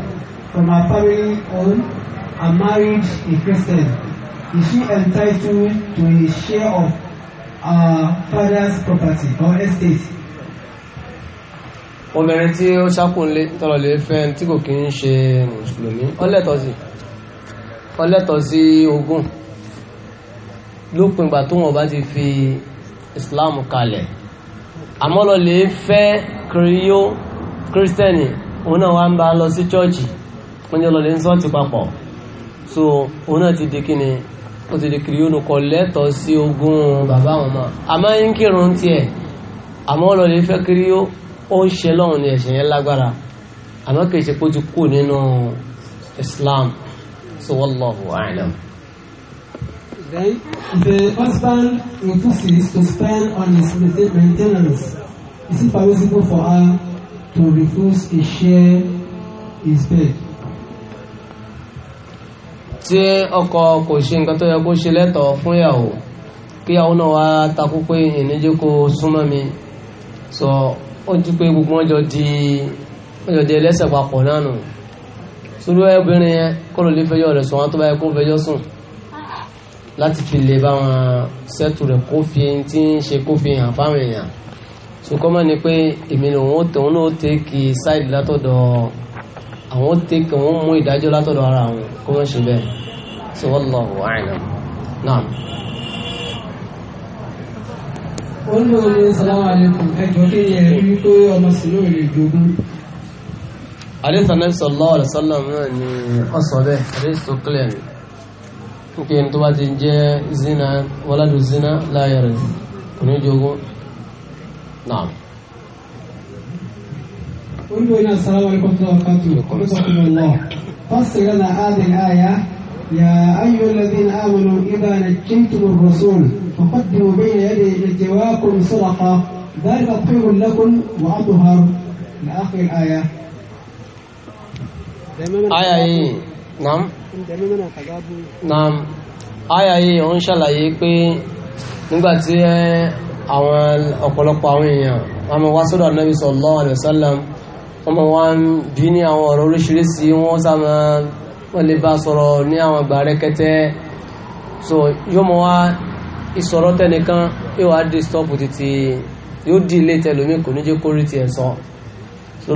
from her family home and married a is she entitled to a share of uh, father's property or estate. obìnrin tí ó ṣàkúnlé tọrọ lè fẹ́ tí kò kí ń ṣe mùsùlùmí ọlẹ́tọ̀ọ́sì ọlẹ́tọ̀ọ́sì ogún lópin ìgbà tó wọn bá ti fi Islam kalẹ̀ àmọ́ lọ lè fẹ́ kìrìyó kírísítẹ́nì òun náà wá ń bá lọ sí chọ́ọ̀chì wọ́n jẹ́ lọ lè ń sọ́ọ̀tì papọ̀ so òun náà ti di kí ni ó ti di kiri yónú kọ sí ogún bàbá àwọn ọmọ àmọ́ ń kírun tiẹ̀ àmọ́ ọlọ́lẹ̀ fẹ́ kiri ó ń ṣe lọ́run ní ẹ̀sìn yẹn lágbára àmọ́ kì ṣe pé ó ti kú nínú Islam so wallahu a'lam. Then the husband refuses to spend on his maintenance. Is it permissible for her to refuse a share his bed? tí ọkọ kò ṣe nǹkan tó yẹ kó ṣe lẹ́tọ̀ọ́ fún ìyàwó kí ìyàwó náà wá takú pé ìníjẹ́ kó súnmọ́ mi sọ ó jí pé gbogbo wọn jọ di wọn jọ di ẹlẹ́sẹ̀ papọ̀ náà nù sórí obìnrin yẹn kó ló lè fẹjọ́ rẹ̀ sùn wọn tó bá yẹ kó fẹjọ́ sùn láti fi lè bá wọn sẹ́tù rẹ̀ kó fi tí ń ṣe kó fi hàn fáwọn èèyàn sùkọ́ mọ́ ni pé èmi ni òun ó tẹ̀ òun náà ó tẹ̀ kì í sáìdì látọ̀dọ̀ àwọn tẹ́kẹ̀ wọ́n mú ìdájọ́ látọ̀dọ̀ ara àwọn kó wọ́n ṣe bẹ́ẹ̀ so wallahu a'lam náà. olùwọ́n ní salamu alaykum ẹjọ́ kí ni ẹ̀rí wípé ọmọ sílò rẹ̀ náà ni tó bá ti jẹ́ zina waladu zina la yarith kò ní jogún náà. قلنا السلام عليكم ورحمة الله وبركاته حفظكم الله فسر لنا هذه الآية يا أيها الذين آمنوا إذا نجيتم الرسول فقدموا بين يدي نجواكم صدقة ذلك خير لكم وأطهر لآخر الآية آية إيه نعم نعم آية إيه إن شاء الله يكفي nígbàtí àwọn ọ̀pọ̀lọpọ̀ àwọn èèyàn àmọ́ wá sọ́dọ̀ Ànábì sallallahu alaihi wasallam wọ́n mọ̀ wá ń bí ní àwọn ọ̀rọ̀ oríṣiríṣi wọ́n sáma wọ́n lè bá sọ̀rọ̀ ní àwọn àgbà rẹ́kẹ́tẹ́ so yóò mọ̀ wá ìsọ̀rọ̀ tẹ́nìkan yóò wá dé stop títí yóò dì ilé tẹlomi kò ní jẹ́ kó rí tiẹ̀ sọ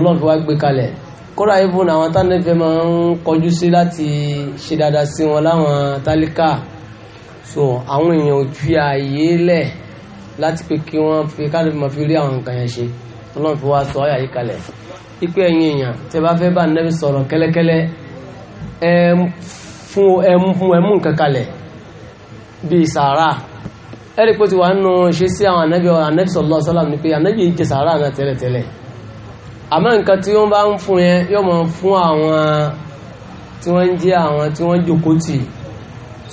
lọ́nà fi wá gbé kalẹ̀ kódà ibùn àwọn tánẹ́fẹ́ máa ń kọjú sí láti ṣe dáadáa sí wọn láwọn tálíkà so àwọn èèyàn ò fi ààyè lẹ̀ láti pé kí wọ́n fi káàdì máa fi rí àwọn nǹkan yẹn ṣe lọ́nà fi wá sọ ọ́ yàyí kalẹ̀ ipe ẹ̀yin èèyàn tí ẹ bá fẹ́ bá nẹ́bí sọ̀rọ̀ kẹ́lẹ́kẹ́lẹ́ ẹ fún ẹmú nǹkan kalẹ̀ bíi sàárà ẹ̀rí pé ti wà nù ṣe sí àwọn ànábì ànábì sọ̀lọ́ sọ́lá ni pé ànábì jẹ sàárà náà tẹ́lẹ̀tẹ́lẹ̀ àmọ́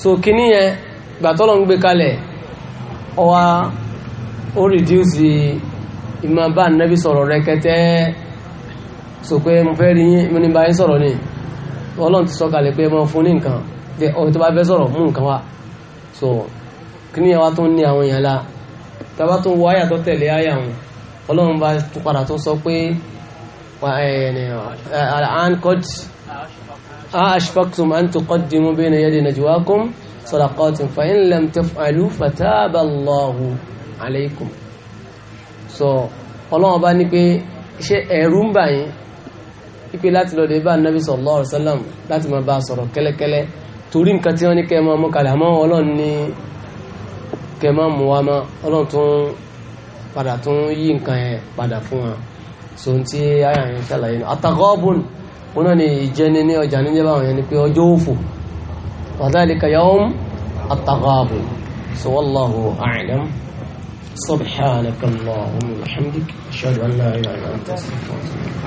so kíní yẹn gbàtọ́lọ́ ń gbé kalẹ̀ ọwa ó rìdíùsì ìmọ̀ bá ànábì sọ̀rọ̀ rẹ̀kẹ́tẹ́ so pé mo fẹ́ rí yín mo ní bá yín sọ̀rọ̀ ni ọlọ́run ti sọ̀kalẹ̀ pé mo fún ní nǹkan ọ̀hún tó bá fẹ́ sọ̀rọ̀ mú nǹkan wá so kí ni àwa tó ń ní àwọn èèyàn la tàbá tó wọ àyà tó tẹ̀lé àyà wọn ọlọ́run bá padà tó sọ pé an qad ashfaqtum an tuqaddimu bayna yadi najwakum sadaqatin fa in lam taf'alu fataba Allahu alaykum so ọlọ́run bá ní pé ṣé ẹ̀rù ń bà yín wípé láti lọ dé bá anabi sallallahu alaihi wasallam láti máa bá a sọ̀rọ̀ kẹ́lẹ́kẹ́lẹ́ torí nǹkan tí wọ́n ní kẹ́ ẹ máa mú kalẹ̀ àmọ́ ọlọ́run ní kẹ́ ẹ máa mú wa mọ́ ọlọ́run tó ń padà tó ń yí nǹkan yẹn padà fún wa so n tí àyà yẹn ṣàlàyé nù àtàkọ́bùn wọn náà ni ìjẹni ní ọjà níjẹ́ báwọn yẹn ni pé ọjọ́ òfò wadhalika yawm àtàkọ́bùn so wallahu a'lam subhanakallahumma wa bihamdik ashhadu an la ilaha illa anta astaghfiruka